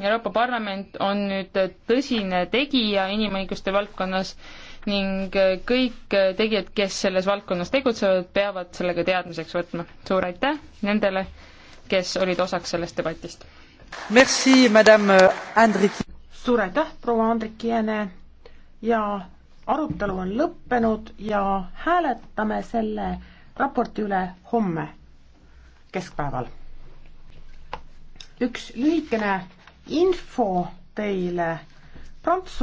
Euroopa Parlament on nüüd tõsine tegija inimõiguste valdkonnas ning eh, kõik eh, tegijad, kes selles valdkonnas tegutsevad, peavad sellega teadmiseks võtma. suur aitäh nendele, kes olid osaks sellest debatist. Merci, madame eh, Andrik. suur aitäh, proua Andrik Jääne ja arutelu on lõppenud ja hääletame selle raporti üle homme keskpäeval. üks lühikene info teile Prantsuse